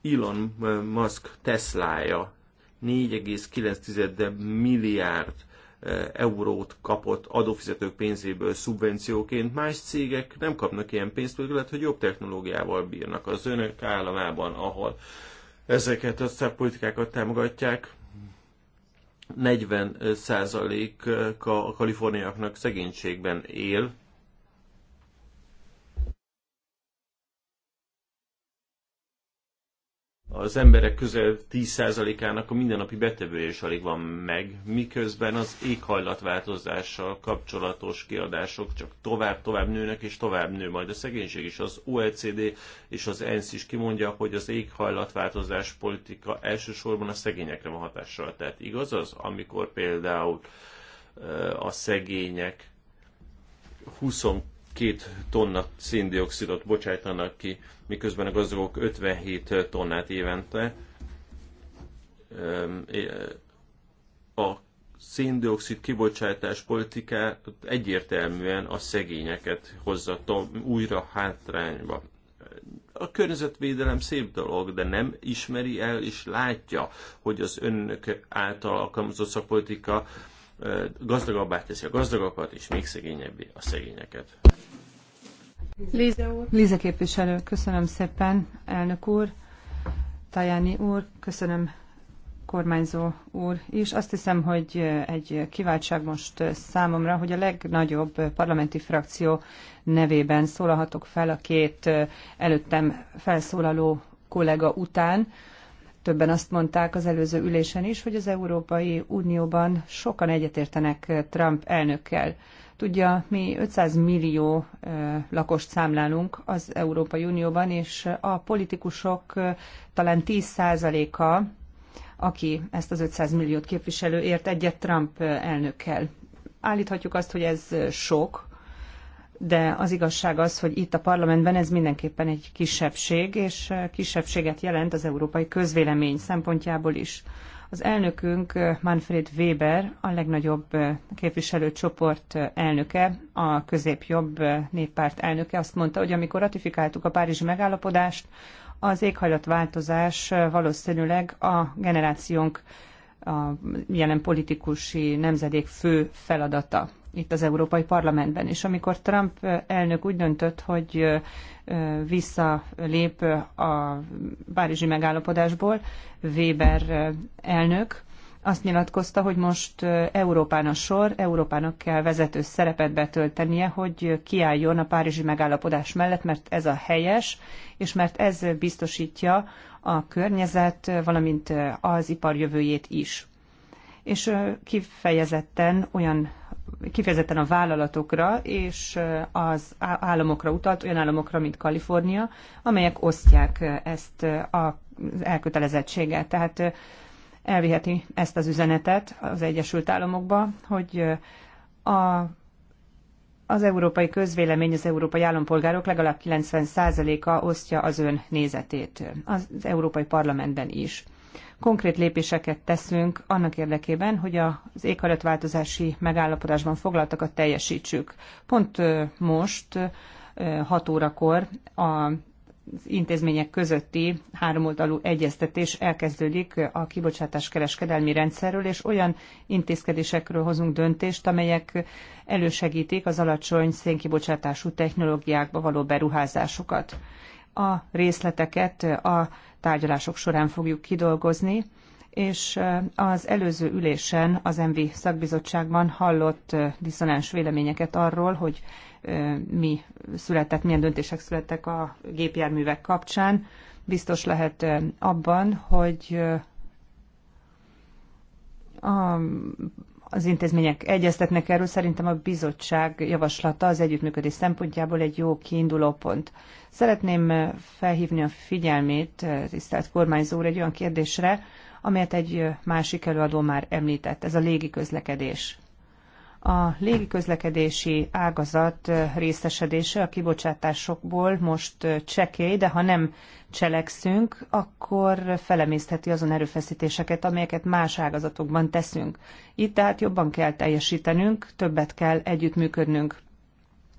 Elon Musk Teslája 4,9 milliárd e, eurót kapott adófizetők pénzéből szubvencióként. Más cégek nem kapnak ilyen pénzt, lehet, hogy jobb technológiával bírnak az önök államában, ahol ezeket a szakpolitikákat támogatják. 40 a kaliforniaknak szegénységben él, az emberek közel 10%-ának a mindennapi betevője is alig van meg, miközben az éghajlatváltozással kapcsolatos kiadások csak tovább-tovább nőnek, és tovább nő majd a szegénység is. Az OECD és az ENSZ is kimondja, hogy az éghajlatváltozás politika elsősorban a szegényekre van hatással. Tehát igaz az, amikor például a szegények 22 tonna széndiokszidot bocsájtanak ki miközben a gazdagok 57 tonnát évente. A széndiokszid kibocsátás politiká egyértelműen a szegényeket hozza újra hátrányba. A környezetvédelem szép dolog, de nem ismeri el és látja, hogy az önök által alkalmazott szakpolitika gazdagabbá teszi a gazdagokat és még szegényebbé a szegényeket. Líze, úr. Líze képviselő, köszönöm szépen, elnök úr, Tajani úr, köszönöm kormányzó úr is. Azt hiszem, hogy egy kiváltság most számomra, hogy a legnagyobb parlamenti frakció nevében szólalhatok fel a két előttem felszólaló kollega után. Többen azt mondták az előző ülésen is, hogy az Európai Unióban sokan egyetértenek Trump elnökkel tudja, mi 500 millió lakost számlálunk az Európai Unióban, és a politikusok talán 10%-a, aki ezt az 500 milliót képviselő ért egyet Trump elnökkel. Állíthatjuk azt, hogy ez sok, de az igazság az, hogy itt a parlamentben ez mindenképpen egy kisebbség, és kisebbséget jelent az európai közvélemény szempontjából is. Az elnökünk eh, Manfred Weber, a legnagyobb eh, képviselőcsoport eh, elnöke, a középjobb néppárt elnöke azt mondta, hogy amikor ratifikáltuk a Párizsi megállapodást, az éghajlatváltozás valószínűleg a generációnk a jelen politikusi nemzedék fő feladata itt az Európai Parlamentben. És amikor Trump elnök úgy döntött, hogy visszalép a Párizsi megállapodásból, Weber elnök azt nyilatkozta, hogy most Európán a sor, Európának kell vezető szerepet betöltenie, hogy kiálljon a Párizsi megállapodás mellett, mert ez a helyes, és mert ez biztosítja a környezet, valamint az ipar jövőjét is. És kifejezetten olyan kifejezetten a vállalatokra és az államokra utalt, olyan államokra, mint Kalifornia, amelyek osztják ezt az elkötelezettséget. Tehát elviheti ezt az üzenetet az Egyesült Államokba, hogy a az európai közvélemény, az európai állampolgárok legalább 90%-a osztja az ön nézetét, az Európai Parlamentben is. Konkrét lépéseket teszünk annak érdekében, hogy az éghajlatváltozási megállapodásban foglaltakat teljesítsük. Pont most 6 órakor a intézmények közötti háromoldalú egyeztetés elkezdődik a kibocsátás kereskedelmi rendszerről, és olyan intézkedésekről hozunk döntést, amelyek elősegítik az alacsony szénkibocsátású technológiákba való beruházásokat. A részleteket a tárgyalások során fogjuk kidolgozni, és az előző ülésen az MV szakbizottságban hallott diszonáns véleményeket arról, hogy mi született milyen döntések születtek a gépjárművek kapcsán. Biztos lehet abban, hogy a, az intézmények egyeztetnek erről, szerintem a bizottság javaslata az együttműködés szempontjából egy jó kiinduló pont. Szeretném felhívni a figyelmét, tisztelt kormányzó úr, egy olyan kérdésre, amelyet egy másik előadó már említett, ez a légi közlekedés. A légiközlekedési ágazat részesedése a kibocsátásokból most csekély, de ha nem cselekszünk, akkor felemésztheti azon erőfeszítéseket, amelyeket más ágazatokban teszünk. Itt tehát jobban kell teljesítenünk, többet kell együttműködnünk.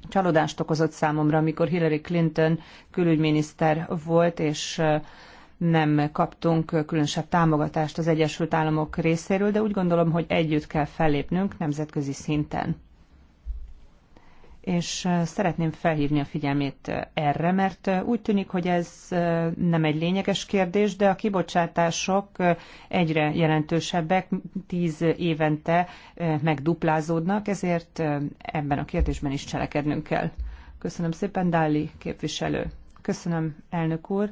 Csalódást okozott számomra, amikor Hillary Clinton külügyminiszter volt, és nem kaptunk különösebb támogatást az Egyesült Államok részéről, de úgy gondolom, hogy együtt kell fellépnünk nemzetközi szinten. És szeretném felhívni a figyelmét erre, mert úgy tűnik, hogy ez nem egy lényeges kérdés, de a kibocsátások egyre jelentősebbek, tíz évente megduplázódnak, ezért ebben a kérdésben is cselekednünk kell. Köszönöm szépen, Dáli képviselő. Köszönöm, elnök úr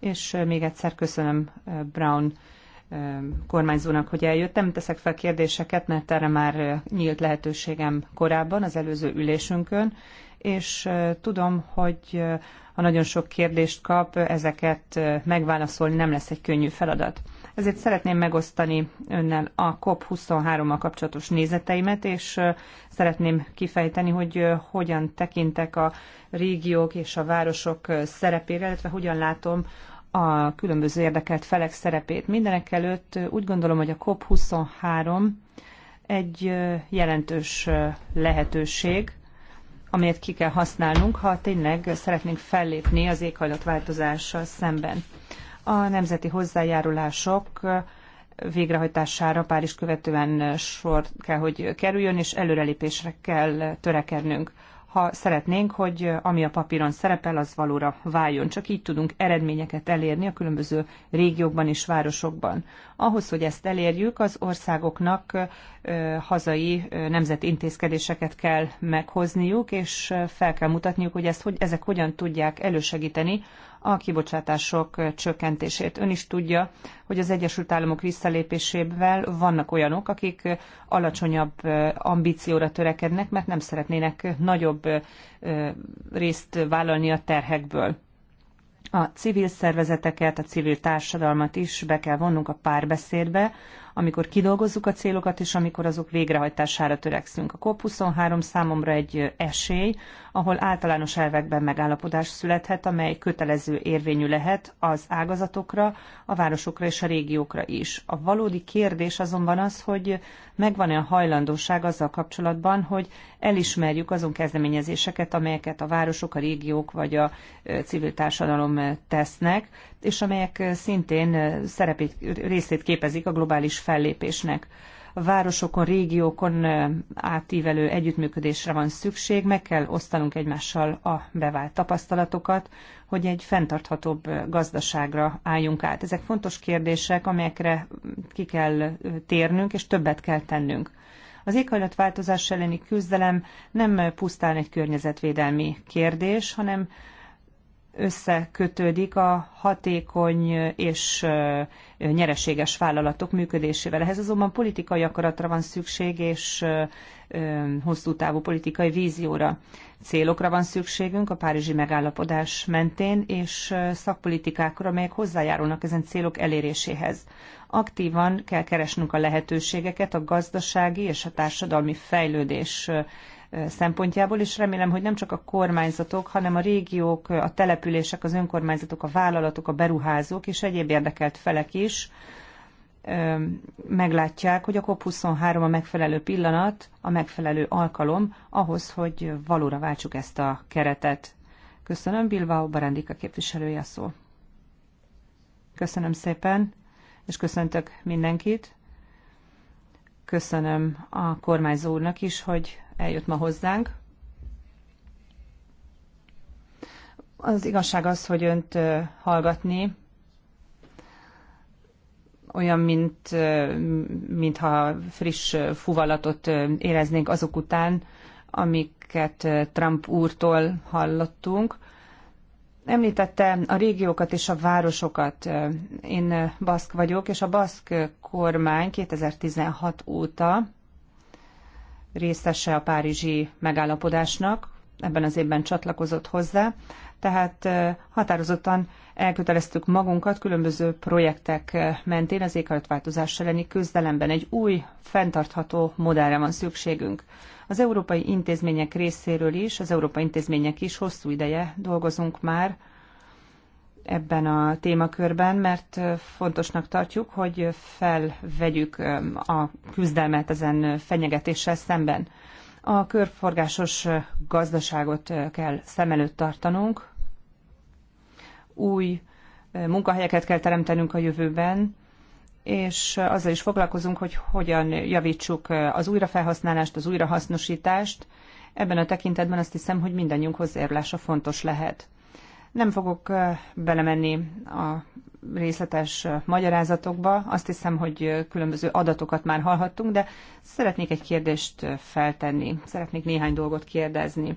és még egyszer köszönöm Brown kormányzónak, hogy eljött. Nem teszek fel kérdéseket, mert erre már nyílt lehetőségem korábban, az előző ülésünkön, és tudom, hogy ha nagyon sok kérdést kap, ezeket megválaszolni nem lesz egy könnyű feladat. Ezért szeretném megosztani önnel a COP23-mal kapcsolatos nézeteimet, és szeretném kifejteni, hogy hogyan tekintek a régiók és a városok szerepére, illetve hogyan látom a különböző érdekelt felek szerepét. Mindenek előtt úgy gondolom, hogy a COP23 egy jelentős lehetőség, amelyet ki kell használnunk, ha tényleg szeretnénk fellépni az éghajlatváltozással szemben. A nemzeti hozzájárulások végrehajtására Párizs követően sor kell, hogy kerüljön, és előrelépésre kell törekednünk ha szeretnénk, hogy ami a papíron szerepel, az valóra váljon. Csak így tudunk eredményeket elérni a különböző régiókban és városokban. Ahhoz, hogy ezt elérjük, az országoknak hazai nemzeti intézkedéseket kell meghozniuk, és fel kell mutatniuk, hogy ezt, hogy ezek hogyan tudják elősegíteni a kibocsátások csökkentését. Ön is tudja, hogy az Egyesült Államok visszalépésével vannak olyanok, akik alacsonyabb ambícióra törekednek, mert nem szeretnének nagyobb részt vállalni a terhekből. A civil szervezeteket, a civil társadalmat is be kell vonnunk a párbeszédbe, amikor kidolgozzuk a célokat, és amikor azok végrehajtására törekszünk. A COP23 számomra egy esély, ahol általános elvekben megállapodás születhet, amely kötelező érvényű lehet az ágazatokra, a városokra és a régiókra is. A valódi kérdés azonban az, hogy megvan-e a hajlandóság azzal kapcsolatban, hogy elismerjük azon kezdeményezéseket, amelyeket a városok, a régiók vagy a civil társadalom tesznek, és amelyek szintén szerepét, részét képezik a globális fellépésnek városokon, régiókon átívelő együttműködésre van szükség, meg kell osztanunk egymással a bevált tapasztalatokat, hogy egy fenntarthatóbb gazdaságra álljunk át. Ezek fontos kérdések, amelyekre ki kell térnünk, és többet kell tennünk. Az éghajlatváltozás elleni küzdelem nem pusztán egy környezetvédelmi kérdés, hanem összekötődik a hatékony és nyereséges vállalatok működésével. Ehhez azonban politikai akaratra van szükség, és hosszú távú politikai vízióra. Célokra van szükségünk a Párizsi megállapodás mentén, és szakpolitikákra, amelyek hozzájárulnak ezen célok eléréséhez. Aktívan kell keresnünk a lehetőségeket a gazdasági és a társadalmi fejlődés szempontjából, és remélem, hogy nem csak a kormányzatok, hanem a régiók, a települések, az önkormányzatok, a vállalatok, a beruházók és egyéb érdekelt felek is meglátják, hogy a COP23 a megfelelő pillanat, a megfelelő alkalom ahhoz, hogy valóra váltsuk ezt a keretet. Köszönöm, Bilbao Barándika képviselője szó. Köszönöm szépen és köszöntök mindenkit. Köszönöm a kormányzó úrnak is, hogy eljött ma hozzánk. Az igazság az, hogy önt hallgatni olyan, mint, mintha friss fuvalatot éreznénk azok után, amiket Trump úrtól hallottunk. Említette a régiókat és a városokat. Én baszk vagyok, és a baszk kormány 2016 óta részese a párizsi megállapodásnak, ebben az évben csatlakozott hozzá tehát határozottan elköteleztük magunkat különböző projektek mentén az éghajlatváltozás elleni küzdelemben. Egy új, fenntartható modellre van szükségünk. Az európai intézmények részéről is, az európai intézmények is hosszú ideje dolgozunk már ebben a témakörben, mert fontosnak tartjuk, hogy felvegyük a küzdelmet ezen fenyegetéssel szemben. A körforgásos gazdaságot kell szem előtt tartanunk, új munkahelyeket kell teremtenünk a jövőben, és azzal is foglalkozunk, hogy hogyan javítsuk az újrafelhasználást, az újrahasznosítást. Ebben a tekintetben azt hiszem, hogy mindannyiunk hozzájárulása fontos lehet. Nem fogok belemenni a részletes magyarázatokba. Azt hiszem, hogy különböző adatokat már hallhattunk, de szeretnék egy kérdést feltenni. Szeretnék néhány dolgot kérdezni.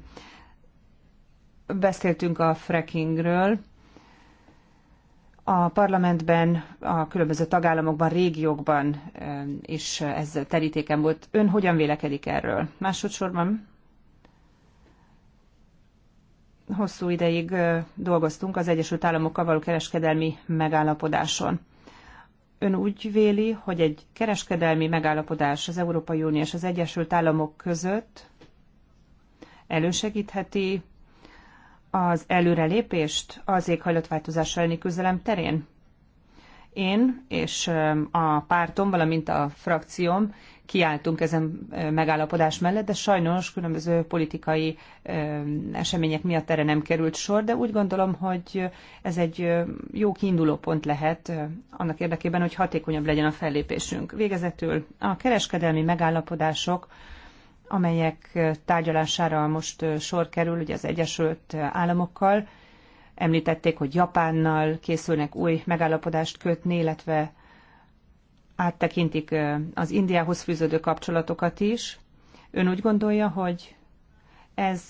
Beszéltünk a frackingről. A parlamentben, a különböző tagállamokban, régiókban is ez terítéken volt. Ön hogyan vélekedik erről? Másodszorban hosszú ideig dolgoztunk az Egyesült Államokkal való kereskedelmi megállapodáson. Ön úgy véli, hogy egy kereskedelmi megállapodás az Európai Unió és az Egyesült Államok között elősegítheti az előrelépést az éghajlatváltozás elleni küzdelem terén? Én és a pártom, valamint a frakcióm kiálltunk ezen megállapodás mellett, de sajnos különböző politikai események miatt erre nem került sor, de úgy gondolom, hogy ez egy jó kiinduló pont lehet annak érdekében, hogy hatékonyabb legyen a fellépésünk. Végezetül a kereskedelmi megállapodások amelyek tárgyalására most sor kerül ugye az Egyesült Államokkal. Említették, hogy Japánnal készülnek új megállapodást kötni, illetve áttekintik az Indiához fűződő kapcsolatokat is. Ön úgy gondolja, hogy ez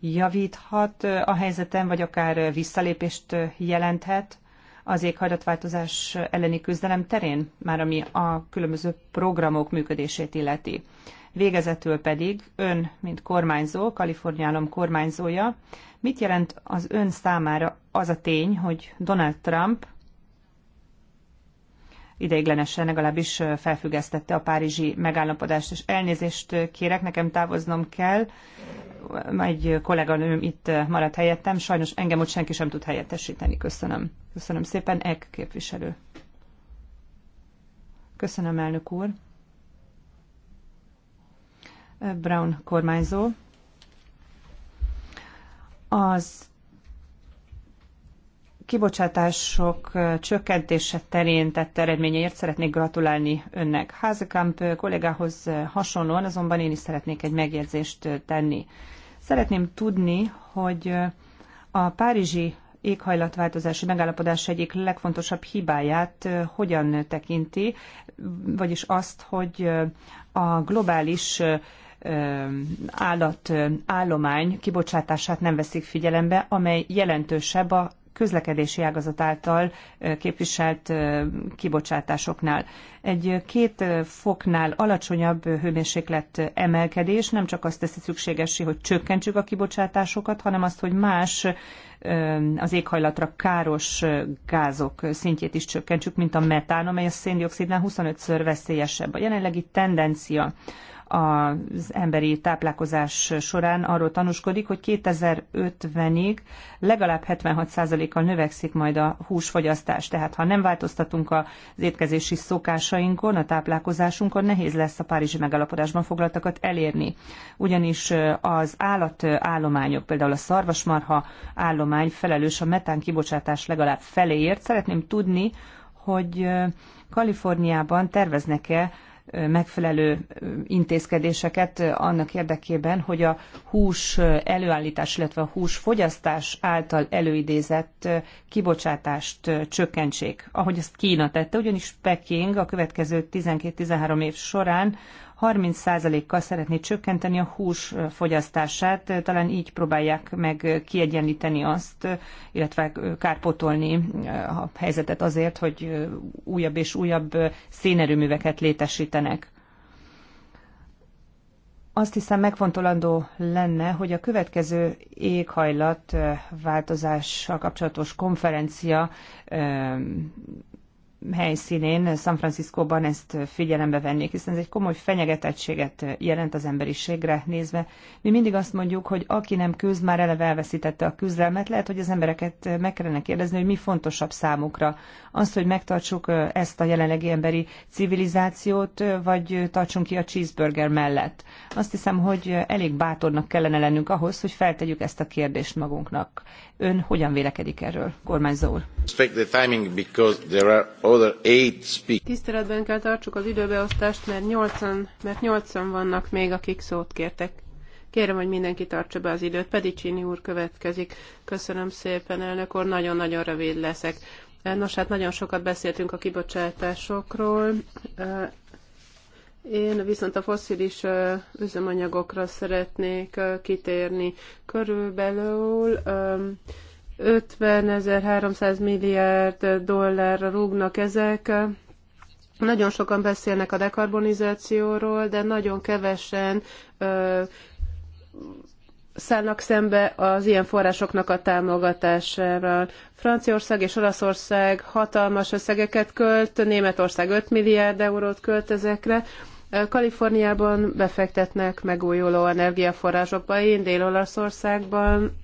javíthat a helyzeten, vagy akár visszalépést jelenthet az éghajlatváltozás elleni küzdelem terén, már ami a különböző programok működését illeti. Végezetül pedig ön, mint kormányzó, Kaliforniálom kormányzója, mit jelent az ön számára az a tény, hogy Donald Trump ideiglenesen legalábbis felfüggesztette a párizsi megállapodást, és elnézést kérek, nekem távoznom kell. Egy kolléganőm itt maradt helyettem, sajnos engem ott senki sem tud helyettesíteni. Köszönöm. Köszönöm szépen, Ek képviselő. Köszönöm, elnök úr. Brown kormányzó. Az kibocsátások csökkentése terén tett eredményeért szeretnék gratulálni önnek. Házekamp kollégához hasonlóan azonban én is szeretnék egy megjegyzést tenni. Szeretném tudni, hogy a párizsi éghajlatváltozási megállapodás egyik legfontosabb hibáját hogyan tekinti, vagyis azt, hogy a globális állat állomány kibocsátását nem veszik figyelembe, amely jelentősebb a közlekedési ágazat által képviselt kibocsátásoknál. Egy két foknál alacsonyabb hőmérséklet emelkedés nem csak azt teszi szükségessé, hogy csökkentsük a kibocsátásokat, hanem azt, hogy más az éghajlatra káros gázok szintjét is csökkentsük, mint a metán, amely a széndiokszidnál 25-ször veszélyesebb. A jelenlegi tendencia az emberi táplálkozás során arról tanúskodik, hogy 2050-ig legalább 76%-kal növekszik majd a húsfogyasztás. Tehát ha nem változtatunk az étkezési szokásainkon, a táplálkozásunkon, nehéz lesz a Párizsi megállapodásban foglaltakat elérni. Ugyanis az állatállományok, például a szarvasmarha állomány felelős a metán kibocsátás legalább feléért. Szeretném tudni, hogy Kaliforniában terveznek-e megfelelő intézkedéseket annak érdekében, hogy a hús előállítás, illetve a hús fogyasztás által előidézett kibocsátást csökkentsék, ahogy ezt Kína tette, ugyanis Peking a következő 12-13 év során 30%-kal szeretné csökkenteni a hús fogyasztását, talán így próbálják meg kiegyenlíteni azt, illetve kárpotolni a helyzetet azért, hogy újabb és újabb szénerőműveket létesítenek azt hiszem megfontolandó lenne, hogy a következő éghajlat változással kapcsolatos konferencia helyszínén, San Franciscóban ezt figyelembe vennék, hiszen ez egy komoly fenyegetettséget jelent az emberiségre nézve. Mi mindig azt mondjuk, hogy aki nem küzd, már eleve elveszítette a küzdelmet, lehet, hogy az embereket meg kellene kérdezni, hogy mi fontosabb számukra. Az, hogy megtartsuk ezt a jelenlegi emberi civilizációt, vagy tartsunk ki a cheeseburger mellett. Azt hiszem, hogy elég bátornak kellene lennünk ahhoz, hogy feltegyük ezt a kérdést magunknak. Ön hogyan vélekedik erről, kormányzó úr? Tiszteletben kell tartsuk az időbeosztást, mert 80, mert 80 vannak még, akik szót kértek. Kérem, hogy mindenki tartsa be az időt. Pedicsini úr következik. Köszönöm szépen, elnök úr. Nagyon-nagyon rövid leszek. Nos, hát nagyon sokat beszéltünk a kibocsátásokról. Én viszont a foszilis üzemanyagokra szeretnék kitérni. Körülbelül 50.300 milliárd dollárra rúgnak ezek. Nagyon sokan beszélnek a dekarbonizációról, de nagyon kevesen szállnak szembe az ilyen forrásoknak a támogatásával. Franciaország és Olaszország hatalmas összegeket költ, Németország 5 milliárd eurót költ ezekre, Kaliforniában befektetnek megújuló energiaforrásokba. Én Dél-Olaszországban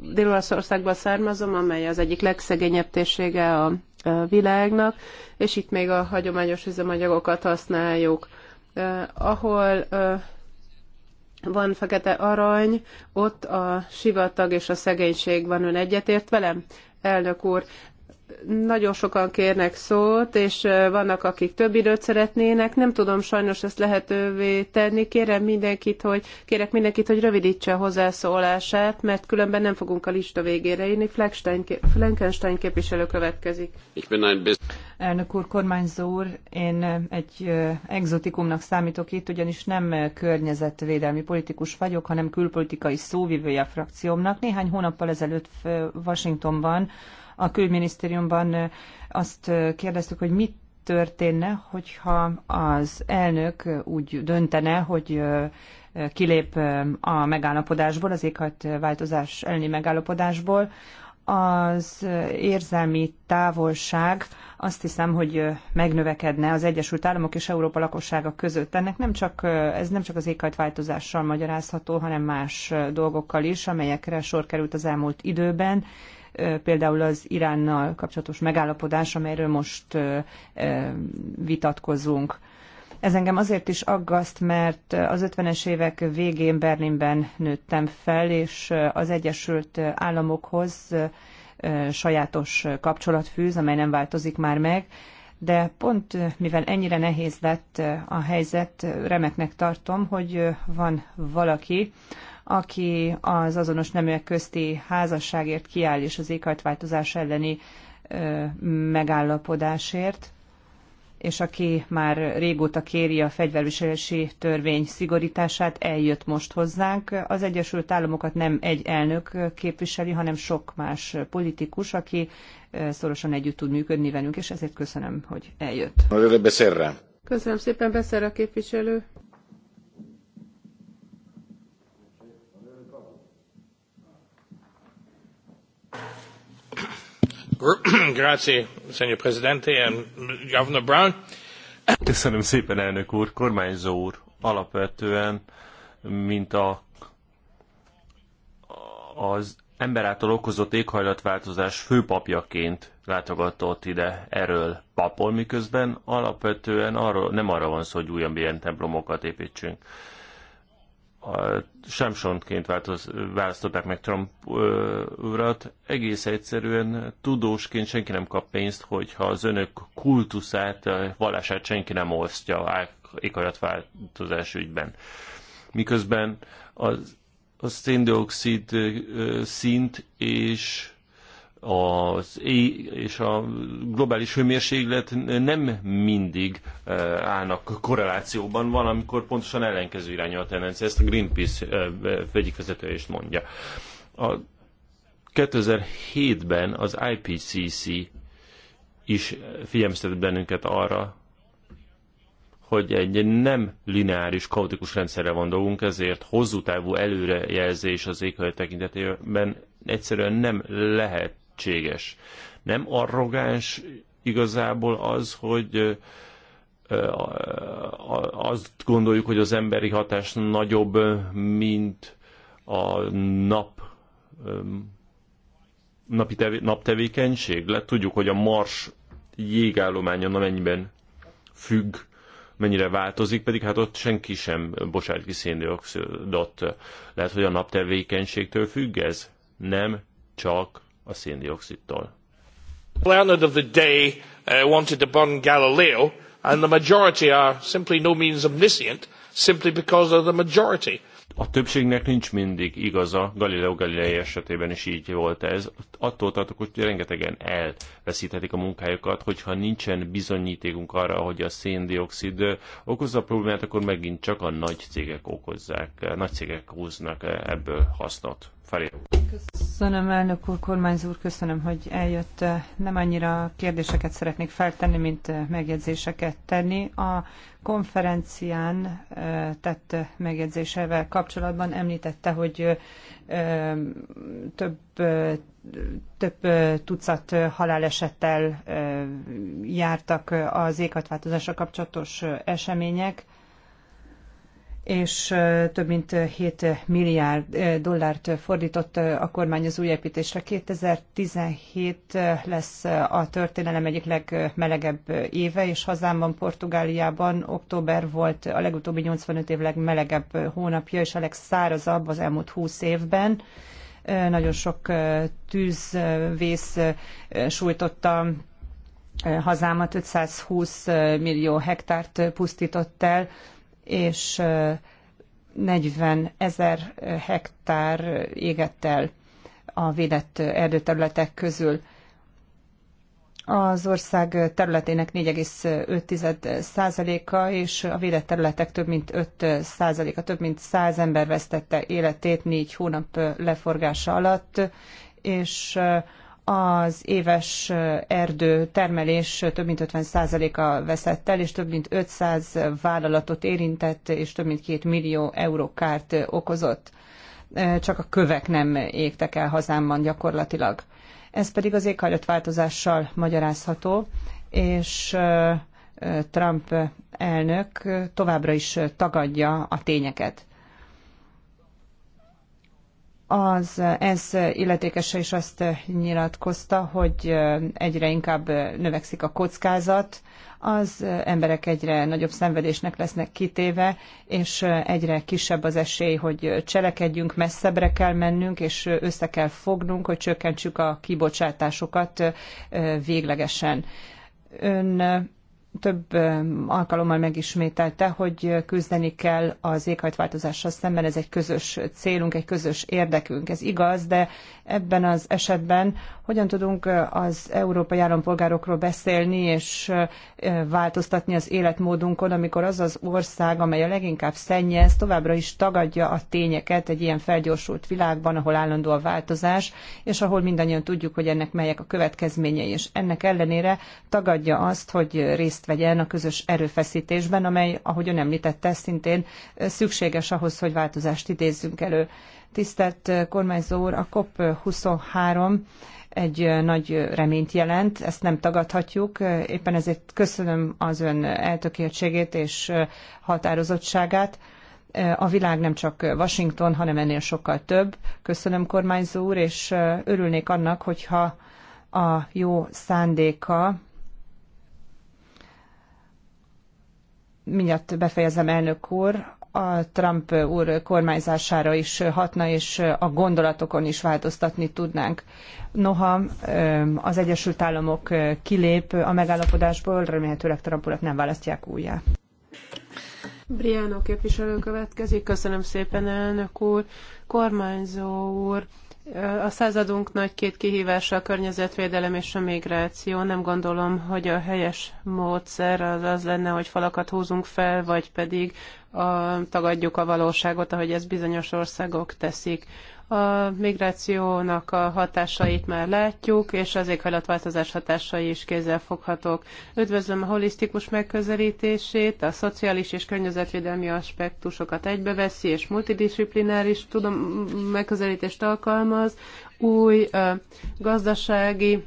Dél-Olaszországban származom, amely az egyik legszegényebb térsége a világnak, és itt még a hagyományos üzemanyagokat használjuk. Ahol van fekete arany, ott a sivatag és a szegénység van ön egyetért velem? Elnök úr, nagyon sokan kérnek szót, és vannak, akik több időt szeretnének. Nem tudom sajnos ezt lehetővé tenni. Kérem mindenkit, hogy, kérek mindenkit, hogy rövidítse a hozzászólását, mert különben nem fogunk a lista végére írni. Flankenstein képviselő következik. Elnök úr, kormányzó úr, én egy exotikumnak számítok itt, ugyanis nem környezetvédelmi politikus vagyok, hanem külpolitikai szóvivője a frakciómnak. Néhány hónappal ezelőtt Washingtonban, a külminisztériumban azt kérdeztük, hogy mit történne, hogyha az elnök úgy döntene, hogy kilép a megállapodásból, az éghajt változás elleni megállapodásból, az érzelmi távolság azt hiszem, hogy megnövekedne az Egyesült Államok és Európa lakossága között. Ennek nem csak, ez nem csak az éghajtváltozással magyarázható, hanem más dolgokkal is, amelyekre sor került az elmúlt időben, például az Iránnal kapcsolatos megállapodás, amelyről most vitatkozunk. Ez engem azért is aggaszt, mert az 50-es évek végén Berlinben nőttem fel, és az Egyesült Államokhoz sajátos kapcsolat fűz, amely nem változik már meg, de pont mivel ennyire nehéz lett a helyzet, remeknek tartom, hogy van valaki, aki az azonos neműek közti házasságért kiáll és az éghajtváltozás elleni megállapodásért és aki már régóta kéri a fegyverviselési törvény szigorítását, eljött most hozzánk. Az Egyesült Államokat nem egy elnök képviseli, hanem sok más politikus, aki szorosan együtt tud működni velünk, és ezért köszönöm, hogy eljött. Köszönöm szépen, Beszerre képviselő. Grazie, Presidente, Governor Brown. Köszönöm szépen, elnök úr, kormányzó úr. Alapvetően, mint a, az ember által okozott éghajlatváltozás főpapjaként látogatott ide erről papol, miközben alapvetően arról, nem arra van szó, hogy újabb ilyen templomokat építsünk. Samsonként választották meg Trump urat. Egész egyszerűen tudósként senki nem kap pénzt, hogyha az önök kultuszát, vallását senki nem osztja éghajlatváltozás ügyben. Miközben az, a széndiokszid szint és az és a globális hőmérséklet nem mindig eh, állnak korrelációban, van, amikor pontosan ellenkező irányú a tendencia. Ezt a Greenpeace eh, egyik vezetője is mondja. A 2007-ben az IPCC is figyelmeztetett bennünket arra, hogy egy nem lineáris, kaotikus rendszerre van dolgunk, ezért hosszú távú előrejelzés az éghajlat tekintetében egyszerűen nem lehet tehetséges. Nem arrogáns igazából az, hogy azt gondoljuk, hogy az emberi hatás nagyobb, mint a nap napi tevé, naptevékenység? Le tudjuk, hogy a Mars jégállománya na mennyiben függ, mennyire változik, pedig hát ott senki sem bocsát ki széndiokszidot. Lehet, hogy a naptevékenységtől függ ez? Nem csak a széndioxidtól. Leonard of the day uh, wanted to burn Galileo, and the majority are simply no means omniscient, simply because of the majority. A többségnek nincs mindig igaza, Galileo Galilei esetében is így volt ez. Attól tartok, hogy rengetegen elveszíthetik a munkájukat, hogyha nincsen bizonyítékunk arra, hogy a széndiokszid okozza a problémát, akkor megint csak a nagy cégek okozzák, nagy cégek húznak ebből hasznot. Faria. Köszönöm, elnök úr, kormányzó úr, köszönöm, hogy eljött. Nem annyira kérdéseket szeretnék feltenni, mint megjegyzéseket tenni. A konferencián eh, tett megjegyzésevel kapcsolatban említette, hogy eh, több, eh, több tucat halálesettel jártak az éghajtváltozással kapcsolatos események és több mint 7 milliárd dollárt fordított a kormány az újépítésre. 2017 lesz a történelem egyik legmelegebb éve, és hazámban, Portugáliában október volt a legutóbbi 85 év legmelegebb hónapja, és a legszárazabb az elmúlt 20 évben nagyon sok tűzvész sújtotta hazámat, 520 millió hektárt pusztított el, és 40 ezer hektár égett el a védett erdőterületek közül. Az ország területének 4,5%-a és a védett területek több mint 5%-a, több mint 100 ember vesztette életét négy hónap leforgása alatt, és az éves erdő termelés több mint 50%-a veszett el, és több mint 500 vállalatot érintett, és több mint 2 millió euró kárt okozott. Csak a kövek nem égtek el hazámban gyakorlatilag. Ez pedig az éghajlatváltozással magyarázható, és Trump elnök továbbra is tagadja a tényeket. Az ENSZ illetékese is azt nyilatkozta, hogy egyre inkább növekszik a kockázat, az emberek egyre nagyobb szenvedésnek lesznek kitéve, és egyre kisebb az esély, hogy cselekedjünk, messzebbre kell mennünk, és össze kell fognunk, hogy csökkentsük a kibocsátásokat véglegesen. Ön több alkalommal megismételte, hogy küzdeni kell az éghajtváltozással szemben, ez egy közös célunk, egy közös érdekünk. Ez igaz, de ebben az esetben hogyan tudunk az európai állampolgárokról beszélni és változtatni az életmódunkon, amikor az az ország, amely a leginkább szennyez, továbbra is tagadja a tényeket egy ilyen felgyorsult világban, ahol állandó a változás, és ahol mindannyian tudjuk, hogy ennek melyek a következményei, és ennek ellenére tagadja azt, hogy részt részt vegyen a közös erőfeszítésben, amely, ahogy ön említette, szintén szükséges ahhoz, hogy változást idézzünk elő. Tisztelt kormányzó úr, a COP23 egy nagy reményt jelent, ezt nem tagadhatjuk. Éppen ezért köszönöm az ön eltökéltségét és határozottságát. A világ nem csak Washington, hanem ennél sokkal több. Köszönöm, kormányzó úr, és örülnék annak, hogyha a jó szándéka mindjárt befejezem, elnök úr, a Trump úr kormányzására is hatna, és a gondolatokon is változtatni tudnánk. Noha az Egyesült Államok kilép a megállapodásból, remélhetőleg Trump urat nem választják újjá. Briano képviselő következik. Köszönöm szépen, elnök úr. Kormányzó úr, a századunk nagy két kihívása a környezetvédelem és a migráció. Nem gondolom, hogy a helyes módszer az az lenne, hogy falakat húzunk fel, vagy pedig a, tagadjuk a valóságot, ahogy ezt bizonyos országok teszik. A migrációnak a hatásait már látjuk, és az éghajlatváltozás hatásai is kézzelfoghatók. Üdvözlöm a holisztikus megközelítését, a szociális és környezetvédelmi aspektusokat egybeveszi, és multidisciplináris tudom, megközelítést alkalmaz, új gazdasági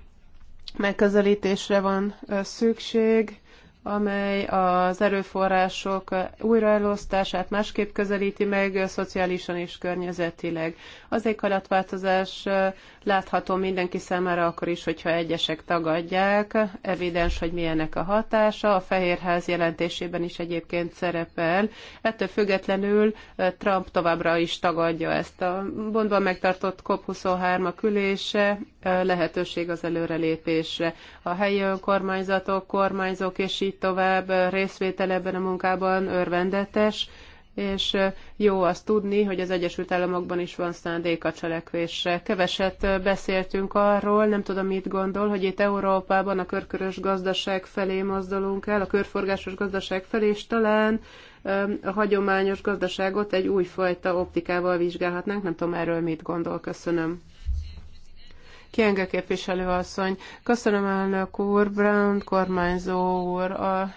megközelítésre van szükség, amely az erőforrások újraelosztását másképp közelíti meg szociálisan és környezetileg. Az éghajlatváltozás látható mindenki számára akkor is, hogyha egyesek tagadják. Evidens, hogy milyenek a hatása. A Fehérház jelentésében is egyébként szerepel. Ettől függetlenül Trump továbbra is tagadja ezt. A Bondban megtartott COP23 a külése lehetőség az előrelépésre. A helyi önkormányzatok, kormányzók és itt tovább részvétel ebben a munkában örvendetes, és jó azt tudni, hogy az Egyesült Államokban is van szándék a cselekvésre. Keveset beszéltünk arról, nem tudom mit gondol, hogy itt Európában a körkörös gazdaság felé mozdulunk el, a körforgásos gazdaság felé, és talán a hagyományos gazdaságot egy újfajta optikával vizsgálhatnánk. Nem tudom erről mit gondol. Köszönöm. Kienge képviselőasszony. Köszönöm elnök úr, Brown kormányzó úr, a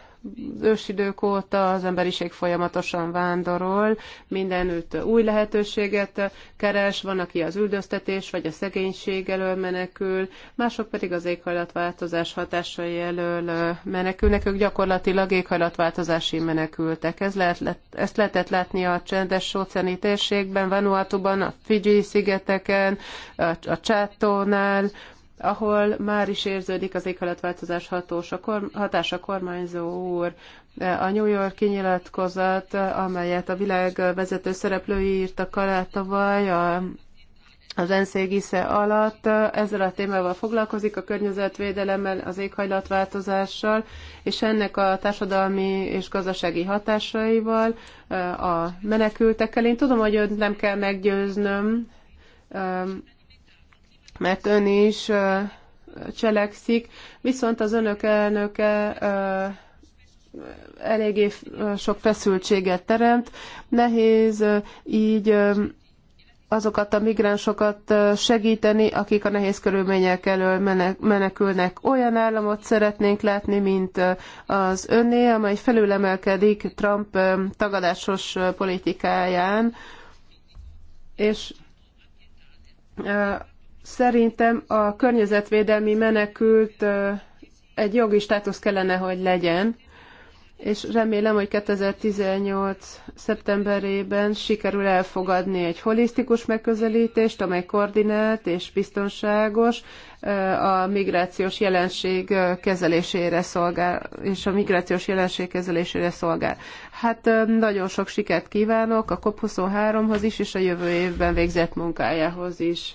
ősidők óta az emberiség folyamatosan vándorol, mindenütt új lehetőséget keres, van, aki az üldöztetés vagy a szegénység elől menekül, mások pedig az éghajlatváltozás hatásai elől menekülnek, ők gyakorlatilag éghajlatváltozási menekültek. Ez lehet, ezt lehetett látni a csendes óceáni térségben, Vanuatuban, a Fiji szigeteken, a Csátónál, ahol már is érződik az éghajlatváltozás a hatása kormányzó úr. A New York kinyilatkozat, amelyet a világ vezető szereplői írtak alá tavaly, a az ENSZ alatt ezzel a témával foglalkozik, a környezetvédelemmel, az éghajlatváltozással, és ennek a társadalmi és gazdasági hatásaival, a menekültekkel. Én tudom, hogy önt nem kell meggyőznöm, mert ön is cselekszik, viszont az önök elnöke eléggé sok feszültséget teremt, nehéz így azokat a migránsokat segíteni, akik a nehéz körülmények elől menekülnek. Olyan államot szeretnénk látni, mint az önné, amely felülemelkedik Trump tagadásos politikáján, és Szerintem a környezetvédelmi menekült egy jogi státusz kellene, hogy legyen, és remélem, hogy 2018. szeptemberében sikerül elfogadni egy holisztikus megközelítést, amely koordinált és biztonságos a migrációs jelenség kezelésére szolgál, és a migrációs jelenség kezelésére szolgál. Hát nagyon sok sikert kívánok a COP23-hoz is, és a jövő évben végzett munkájához is.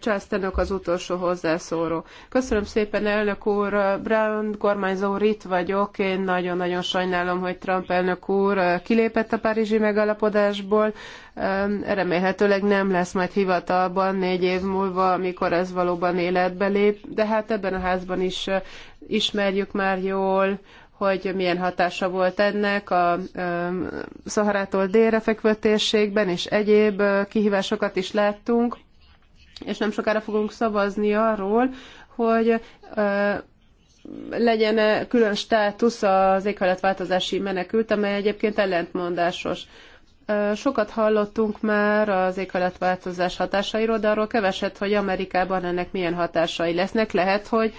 Császtenök az utolsó hozzászóró. Köszönöm szépen, elnök úr, Brown kormányzó úr, itt vagyok. Én nagyon-nagyon sajnálom, hogy Trump elnök úr kilépett a párizsi megállapodásból. Remélhetőleg nem lesz majd hivatalban négy év múlva, amikor ez valóban életbe lép, de hát ebben a házban is ismerjük már jól, hogy milyen hatása volt ennek a Szaharától délre fekvő térségben, és egyéb kihívásokat is láttunk és nem sokára fogunk szavazni arról, hogy legyen -e külön státusz az éghajlatváltozási menekült, amely egyébként ellentmondásos. Sokat hallottunk már az éghajlatváltozás hatásairól, de arról keveset, hogy Amerikában ennek milyen hatásai lesznek. Lehet, hogy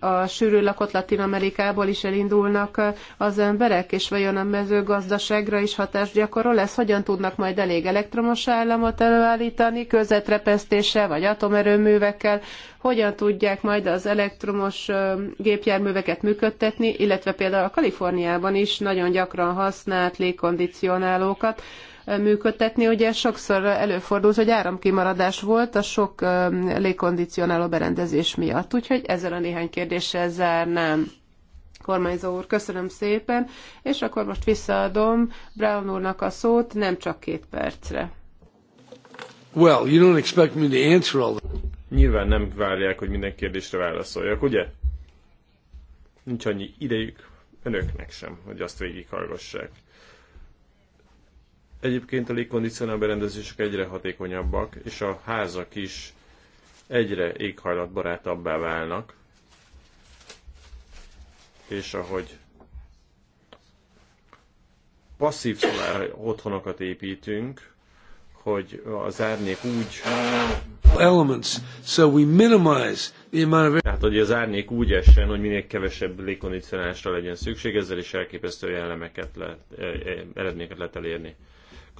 a sűrű lakott Latin Amerikából is elindulnak az emberek, és vajon a mezőgazdaságra is hatást gyakorol lesz? Hogyan tudnak majd elég elektromos államot előállítani, közvetrepesztéssel vagy atomerőművekkel? hogyan tudják majd az elektromos gépjárműveket működtetni, illetve például a Kaliforniában is nagyon gyakran használt légkondicionálókat, működtetni. Ugye sokszor előfordul, hogy áramkimaradás volt a sok légkondicionáló berendezés miatt. Úgyhogy ezzel a néhány kérdéssel zárnám. Kormányzó úr, köszönöm szépen, és akkor most visszaadom Brown úrnak a szót, nem csak két percre. Well, you don't expect me to answer all the... Nyilván nem várják, hogy minden kérdésre válaszoljak, ugye? Nincs annyi idejük önöknek sem, hogy azt végighallgassák. Egyébként a légkondicionál berendezések egyre hatékonyabbak, és a házak is egyre éghajlatbarátabbá válnak. És ahogy passzív szolár otthonokat építünk, hogy az árnyék úgy... Elements, so we minimize the amount of... Tehát, hogy az árnyék úgy essen, hogy minél kevesebb légkondicionálásra legyen szükség, ezzel is elképesztő jellemeket lehet, e, e, eredményeket lehet elérni.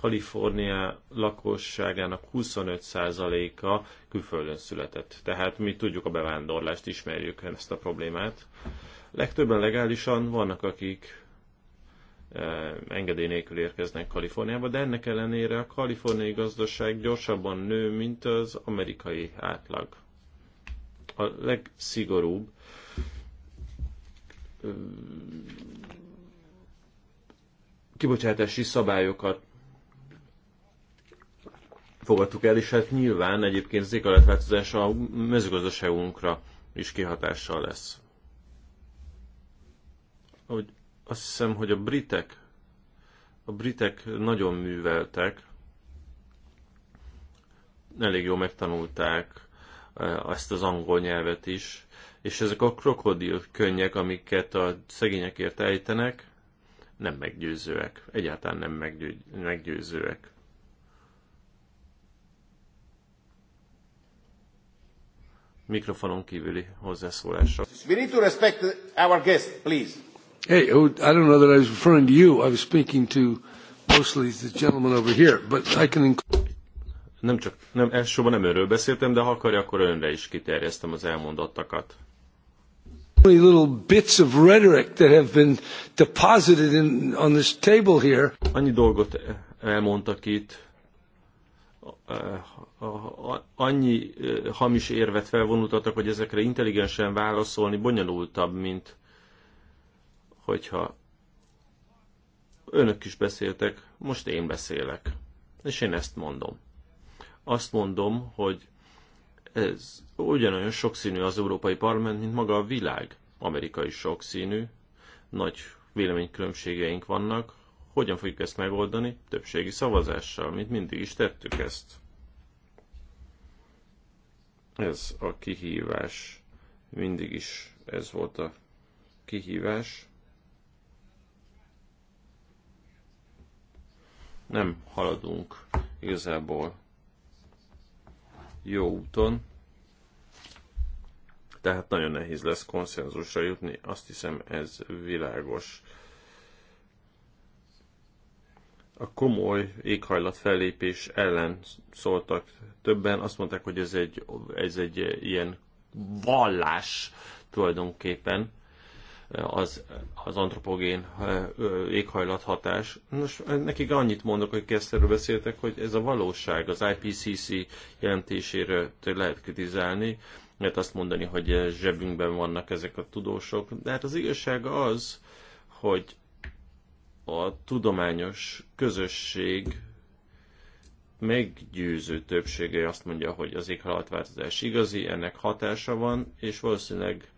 Kalifornia lakosságának 25%-a külföldön született. Tehát mi tudjuk a bevándorlást, ismerjük ezt a problémát. Legtöbben legálisan, vannak akik engedély nélkül érkeznek Kaliforniába, de ennek ellenére a kaliforniai gazdaság gyorsabban nő, mint az amerikai átlag. A legszigorúbb kibocsátási szabályokat fogadtuk el, és hát nyilván egyébként az éghajlatváltozás a mezőgazdaságunkra is kihatással lesz. Ahogy azt hiszem, hogy a britek, a britek nagyon műveltek, elég jól megtanulták e, ezt az angol nyelvet is, és ezek a krokodil könnyek, amiket a szegényekért ejtenek, nem meggyőzőek. Egyáltalán nem meggyő, meggyőzőek. Mikrofonon kívüli hozzászólásra. We need to respect our guest, please. Hey, I don't know that I was referring to you. I was speaking to mostly the gentleman over here, but I can nem csak, nem, elsősorban nem önről beszéltem, de ha akarja, akkor önre is kiterjesztem az elmondottakat. Annyi dolgot elmondtak itt, annyi hamis érvet felvonultatok, hogy ezekre intelligensen válaszolni bonyolultabb, mint hogyha önök is beszéltek, most én beszélek. És én ezt mondom. Azt mondom, hogy ez ugyanolyan sokszínű az Európai Parlament, mint maga a világ. amerikai sokszínű, nagy véleménykülönbségeink vannak. Hogyan fogjuk ezt megoldani? Többségi szavazással, mint mindig is tettük ezt. Ez a kihívás. Mindig is ez volt a kihívás. nem haladunk igazából jó úton, tehát nagyon nehéz lesz konszenzusra jutni, azt hiszem ez világos. A komoly éghajlat fellépés ellen szóltak többen, azt mondták, hogy ez egy, ez egy ilyen vallás tulajdonképpen, az, az antropogén éghajlathatás. Nos, nekik annyit mondok, hogy kezdőről beszéltek, hogy ez a valóság, az IPCC jelentéséről lehet kritizálni, lehet azt mondani, hogy zsebünkben vannak ezek a tudósok, de hát az igazság az, hogy a tudományos közösség meggyőző többsége azt mondja, hogy az éghajlatváltozás igazi, ennek hatása van, és valószínűleg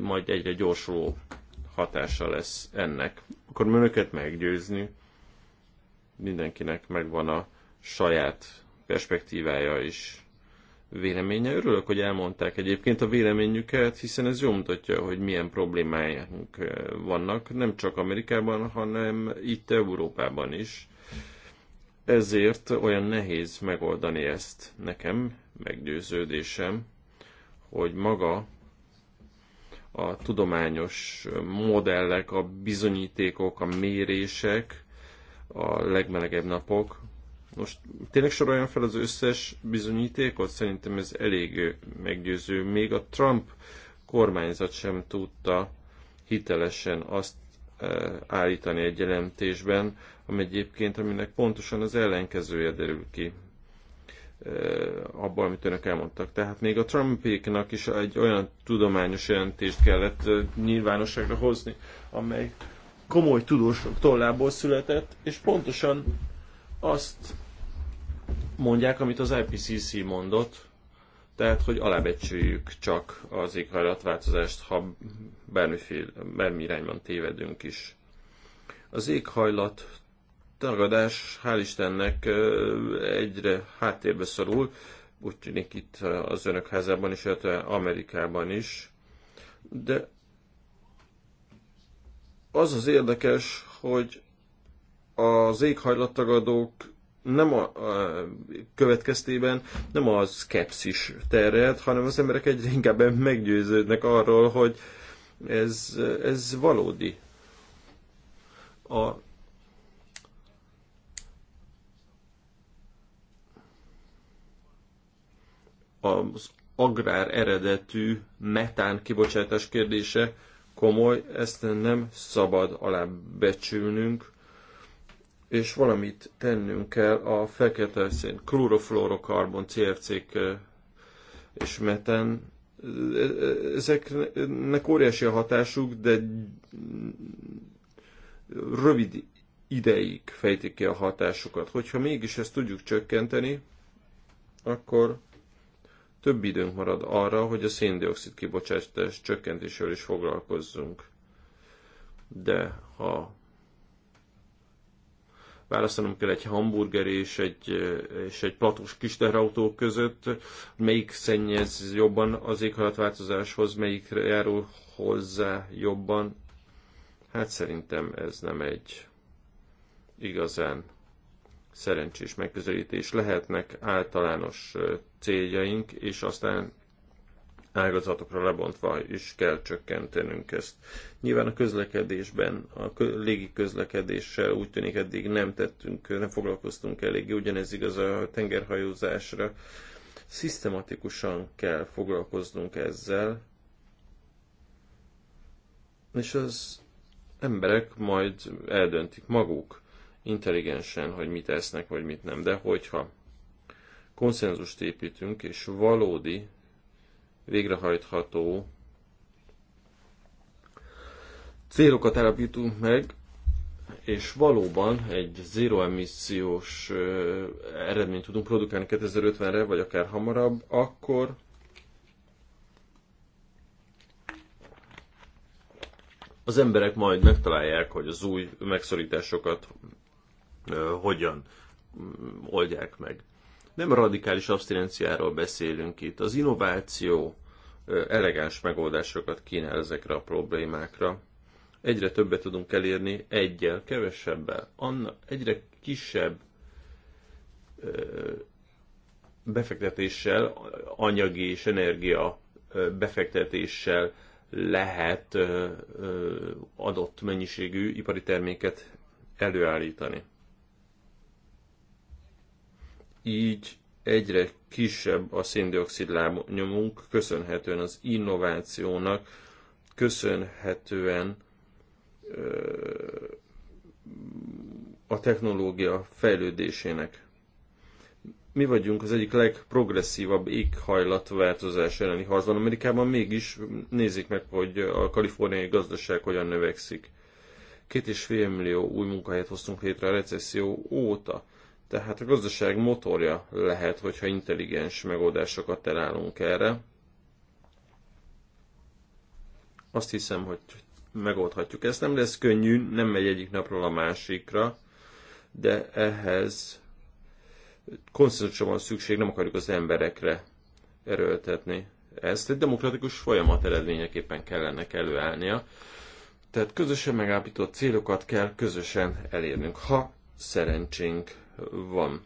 majd egyre gyorsuló hatása lesz ennek. Akkor önöket meggyőzni, mindenkinek megvan a saját perspektívája is véleménye. Örülök, hogy elmondták egyébként a véleményüket, hiszen ez jól mutatja, hogy milyen problémáink vannak, nem csak Amerikában, hanem itt Európában is. Ezért olyan nehéz megoldani ezt nekem, meggyőződésem, hogy maga a tudományos modellek, a bizonyítékok, a mérések, a legmelegebb napok. Most tényleg soroljam fel az összes bizonyítékot? Szerintem ez elég meggyőző. Még a Trump kormányzat sem tudta hitelesen azt eh, állítani egy jelentésben, ami egyébként, aminek pontosan az ellenkezője derül ki abban, amit önök elmondtak. Tehát még a Trumpéknak is egy olyan tudományos jelentést kellett nyilvánosságra hozni, amely komoly tudósok tollából született, és pontosan azt mondják, amit az IPCC mondott, tehát, hogy alábecsüljük csak az éghajlatváltozást, ha bármi irányban tévedünk is. Az éghajlat tagadás hál' Istennek egyre háttérbe szorul, úgy tűnik itt az önök házában is, illetve Amerikában is. De az az érdekes, hogy az éghajlattagadók nem a, a következtében nem a szkepszis terjed, hanem az emberek egyre inkább meggyőződnek arról, hogy ez, ez valódi. A az agrár eredetű metán kibocsátás kérdése komoly, ezt nem szabad alábecsülnünk, és valamit tennünk kell a fekete szén, klorofluorokarbon, CFC-k és metán, ezeknek óriási a hatásuk, de rövid ideig fejtik ki a hatásukat. Hogyha mégis ezt tudjuk csökkenteni, akkor több időnk marad arra, hogy a széndiokszid kibocsátás csökkentésről is foglalkozzunk. De ha választanom kell egy hamburger és egy, és egy platós kis teherautó között, melyik szennyez jobban az éghajlatváltozáshoz, melyik járul hozzá jobban, hát szerintem ez nem egy igazán szerencsés megközelítés. Lehetnek általános céljaink, és aztán ágazatokra lebontva is kell csökkentenünk ezt. Nyilván a közlekedésben, a légi közlekedéssel úgy tűnik eddig nem tettünk, nem foglalkoztunk eléggé, ugyanez igaz a tengerhajózásra. Szisztematikusan kell foglalkoznunk ezzel, és az emberek majd eldöntik maguk, intelligensen, hogy mit esznek, vagy mit nem. De hogyha konszenzust építünk, és valódi, végrehajtható célokat állapítunk meg, és valóban egy zéro emissziós eredményt tudunk produkálni 2050-re, vagy akár hamarabb, akkor az emberek majd megtalálják, hogy az új megszorításokat hogyan mm, oldják meg. Nem radikális abstinenciáról beszélünk itt. Az innováció elegáns megoldásokat kínál ezekre a problémákra. Egyre többet tudunk elérni egyel, kevesebbel. Anna, egyre kisebb befektetéssel, anyagi és energia befektetéssel lehet adott mennyiségű ipari terméket előállítani így egyre kisebb a széndiokszid lábnyomunk, köszönhetően az innovációnak, köszönhetően a technológia fejlődésének. Mi vagyunk az egyik legprogresszívabb éghajlatváltozás elleni harcban Amerikában, mégis nézik meg, hogy a kaliforniai gazdaság hogyan növekszik. Két és fél millió új munkahelyet hoztunk létre a recesszió óta tehát a gazdaság motorja lehet, hogyha intelligens megoldásokat találunk erre. Azt hiszem, hogy megoldhatjuk. Ez nem lesz könnyű, nem megy egyik napról a másikra, de ehhez konszenzusra van szükség, nem akarjuk az emberekre erőltetni. Ezt egy demokratikus folyamat eredményeképpen kellene előállnia. Tehát közösen megállapított célokat kell közösen elérnünk, ha szerencsénk van.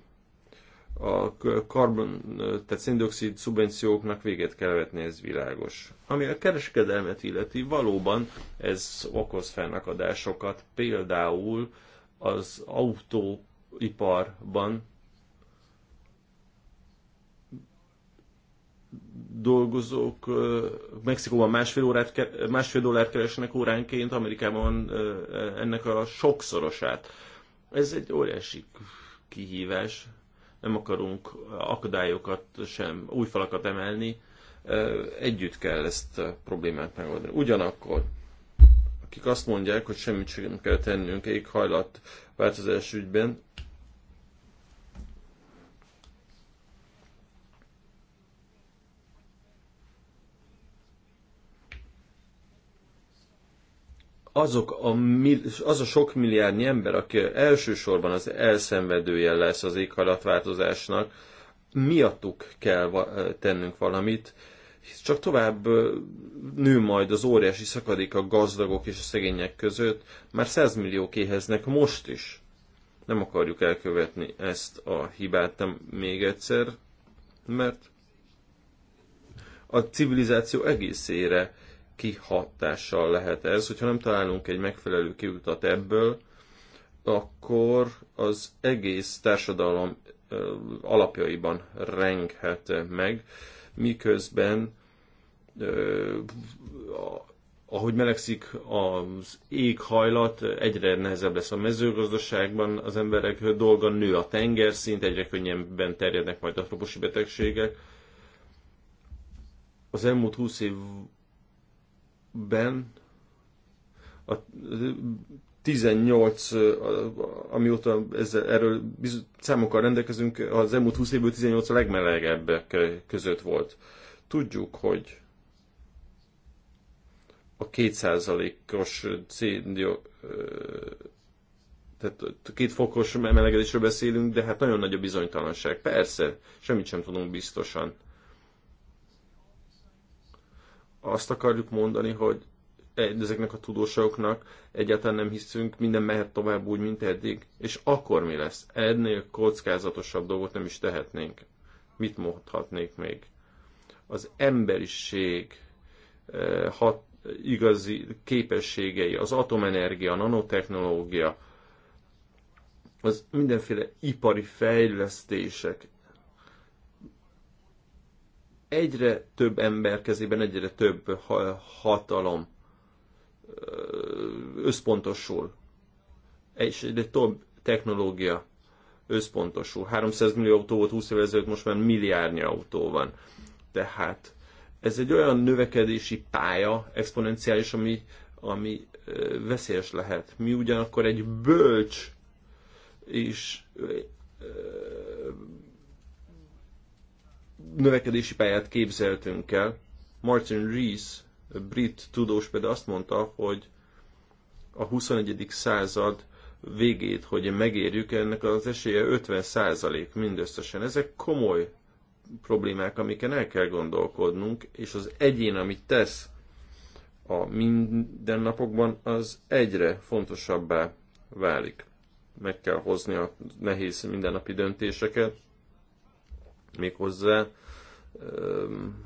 A karbon, tehát széndiokszid szubvencióknak véget kell vetni, ez világos. Ami a kereskedelmet illeti, valóban ez okoz fennakadásokat, például az autóiparban dolgozók Mexikóban másfél, órát, másfél dollárt keresnek óránként, Amerikában ennek a sokszorosát. Ez egy óriási kihívás, nem akarunk akadályokat sem, új falakat emelni, együtt kell ezt a problémát megoldani. Ugyanakkor, akik azt mondják, hogy semmit sem kell tennünk éghajlat változás ügyben, azok a, az a sok milliárdnyi ember, aki elsősorban az elszenvedője lesz az éghajlatváltozásnak, miattuk kell tennünk valamit, csak tovább nő majd az óriási szakadék a gazdagok és a szegények között, már 100 milliók éheznek most is. Nem akarjuk elkövetni ezt a hibát nem még egyszer, mert a civilizáció egészére kihatással lehet ez. Hogyha nem találunk egy megfelelő kiutat ebből, akkor az egész társadalom alapjaiban renghet meg, miközben ahogy melegszik az éghajlat, egyre nehezebb lesz a mezőgazdaságban, az emberek dolga nő a tengerszint, egyre könnyebben terjednek majd a trópusi betegségek. Az elmúlt 20 év ben a 18, amióta ezzel, erről számokkal rendelkezünk, az elmúlt 20 évből 18 a legmelegebbek között volt. Tudjuk, hogy a 2%-os co tehát két fokos melegedésről beszélünk, de hát nagyon nagy a bizonytalanság. Persze, semmit sem tudunk biztosan azt akarjuk mondani, hogy ezeknek a tudósoknak egyáltalán nem hiszünk, minden mehet tovább úgy, mint eddig, és akkor mi lesz? Ennél kockázatosabb dolgot nem is tehetnénk. Mit mondhatnék még? Az emberiség eh, hat, igazi képességei, az atomenergia, a nanotechnológia, az mindenféle ipari fejlesztések egyre több ember kezében egyre több hatalom összpontosul. És egyre több technológia összpontosul. 300 millió autó volt 20 évvel ezelőtt, most már milliárdnyi autó van. Tehát ez egy olyan növekedési pálya, exponenciális, ami, ami veszélyes lehet. Mi ugyanakkor egy bölcs és növekedési pályát képzeltünk el. Martin Rees, brit tudós például azt mondta, hogy a 21. század végét, hogy megérjük, ennek az esélye 50 százalék mindösszesen. Ezek komoly problémák, amiken el kell gondolkodnunk, és az egyén, amit tesz a mindennapokban, az egyre fontosabbá válik. Meg kell hozni a nehéz mindennapi döntéseket, méghozzá um,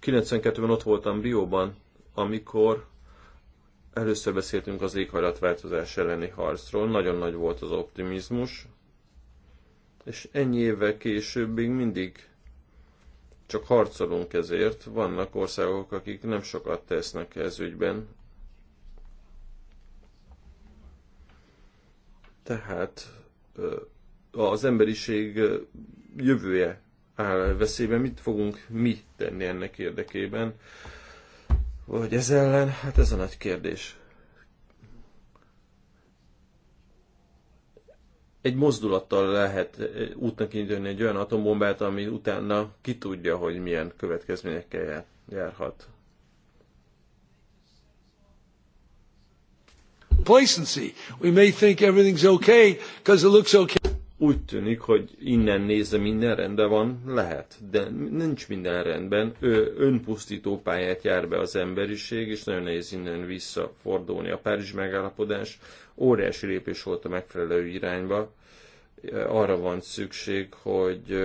92-ben ott voltam Bióban, amikor először beszéltünk az éghajlatváltozás elleni harcról, nagyon nagy volt az optimizmus, és ennyi évvel később még mindig csak harcolunk ezért. Vannak országok, akik nem sokat tesznek ez ügyben. Tehát az emberiség jövője áll veszélyben, mit fogunk mi tenni ennek érdekében, vagy ez ellen, hát ez a nagy kérdés. Egy mozdulattal lehet útnak indítani egy olyan atombombát, ami utána ki tudja, hogy milyen következményekkel járhat. Complacency. We may think everything's okay because it looks okay. Úgy tűnik, hogy innen nézve minden rendben van, lehet, de nincs minden rendben. Ő önpusztító pályát jár be az emberiség, és nagyon nehéz innen visszafordulni. A Párizs megállapodás óriási lépés volt a megfelelő irányba. Arra van szükség, hogy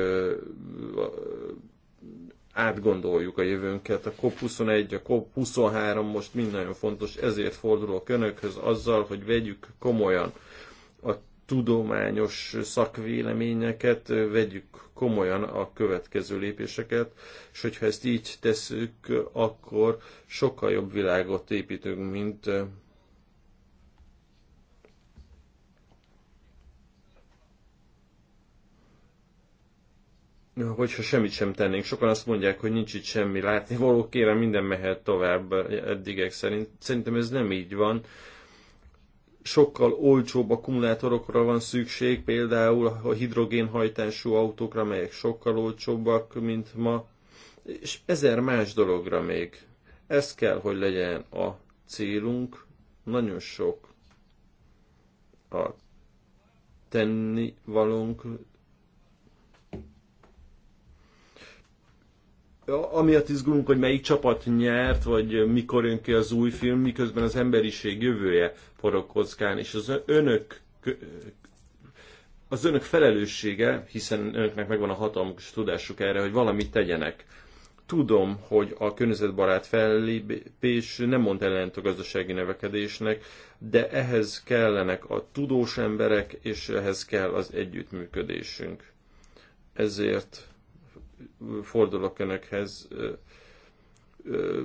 átgondoljuk a jövőnket. A COP21, a COP23 most mind nagyon fontos, ezért fordulok önökhöz azzal, hogy vegyük komolyan a tudományos szakvéleményeket, vegyük komolyan a következő lépéseket, és hogyha ezt így tesszük, akkor sokkal jobb világot építünk, mint hogyha semmit sem tennénk. Sokan azt mondják, hogy nincs itt semmi látni való, kérem, minden mehet tovább eddigek szerint. Szerintem ez nem így van. Sokkal olcsóbb akkumulátorokra van szükség, például a hidrogénhajtású autókra, melyek sokkal olcsóbbak, mint ma, és ezer más dologra még. Ez kell, hogy legyen a célunk. Nagyon sok a tenni valunk. amiatt izgulunk, hogy melyik csapat nyert, vagy mikor jön ki az új film, miközben az emberiség jövője forog kockán, és az önök az önök felelőssége, hiszen önöknek megvan a hatalmuk és a tudásuk erre, hogy valamit tegyenek. Tudom, hogy a környezetbarát fellépés nem mond ellent a gazdasági növekedésnek, de ehhez kellenek a tudós emberek, és ehhez kell az együttműködésünk. Ezért fordulok önökhez.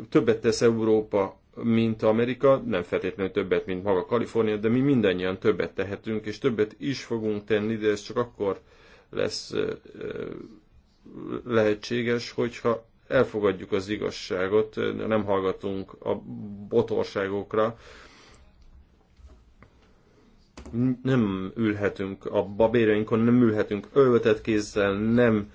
Többet tesz Európa, mint Amerika, nem feltétlenül többet, mint maga Kalifornia, de mi mindannyian többet tehetünk, és többet is fogunk tenni, de ez csak akkor lesz lehetséges, hogyha elfogadjuk az igazságot, nem hallgatunk a botorságokra, nem ülhetünk a babéreinkon, nem ülhetünk öltett kézzel, nem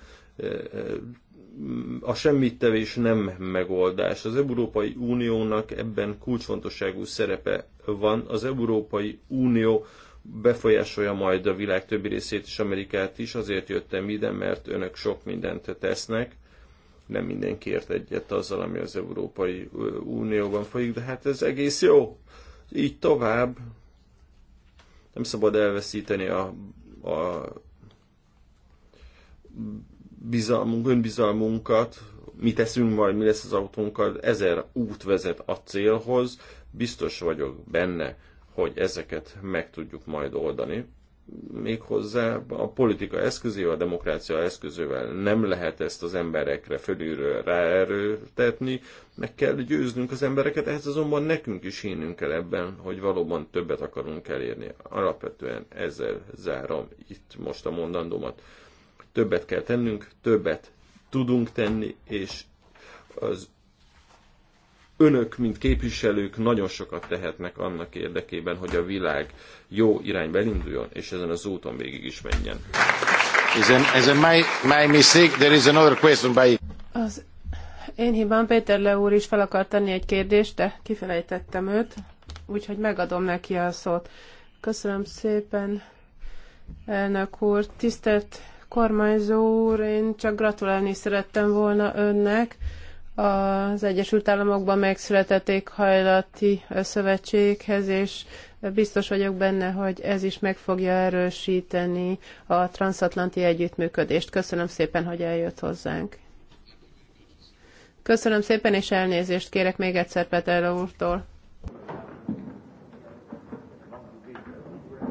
a semmittevés nem megoldás. Az Európai Uniónak ebben kulcsfontosságú szerepe van. Az Európai Unió befolyásolja majd a világ többi részét és Amerikát is. Azért jöttem ide, mert önök sok mindent tesznek. Nem mindenki ért egyet azzal, ami az Európai Unióban folyik, de hát ez egész jó. Így tovább. Nem szabad elveszíteni a, a bizalmunk, önbizalmunkat, mi teszünk majd, mi lesz az autónkkal, ezer út vezet a célhoz, biztos vagyok benne, hogy ezeket meg tudjuk majd oldani. Méghozzá a politika eszközével, a demokrácia eszközével nem lehet ezt az emberekre fölülről ráerőltetni, meg kell győznünk az embereket, ehhez azonban nekünk is hinnünk kell ebben, hogy valóban többet akarunk elérni. Alapvetően ezzel zárom itt most a mondandómat többet kell tennünk, többet tudunk tenni, és az önök, mint képviselők nagyon sokat tehetnek annak érdekében, hogy a világ jó irányba induljon, és ezen az úton végig is menjen. Az én hibám, Péter Le úr is fel akart tenni egy kérdést, de kifelejtettem őt, úgyhogy megadom neki a szót. Köszönöm szépen, elnök úr. Tisztelt Kormányzó úr, én csak gratulálni szerettem volna önnek. Az Egyesült Államokban megszületett éghajlati szövetséghez, és biztos vagyok benne, hogy ez is meg fogja erősíteni a transatlanti együttműködést. Köszönöm szépen, hogy eljött hozzánk. Köszönöm szépen, és elnézést kérek még egyszer Peter úrtól.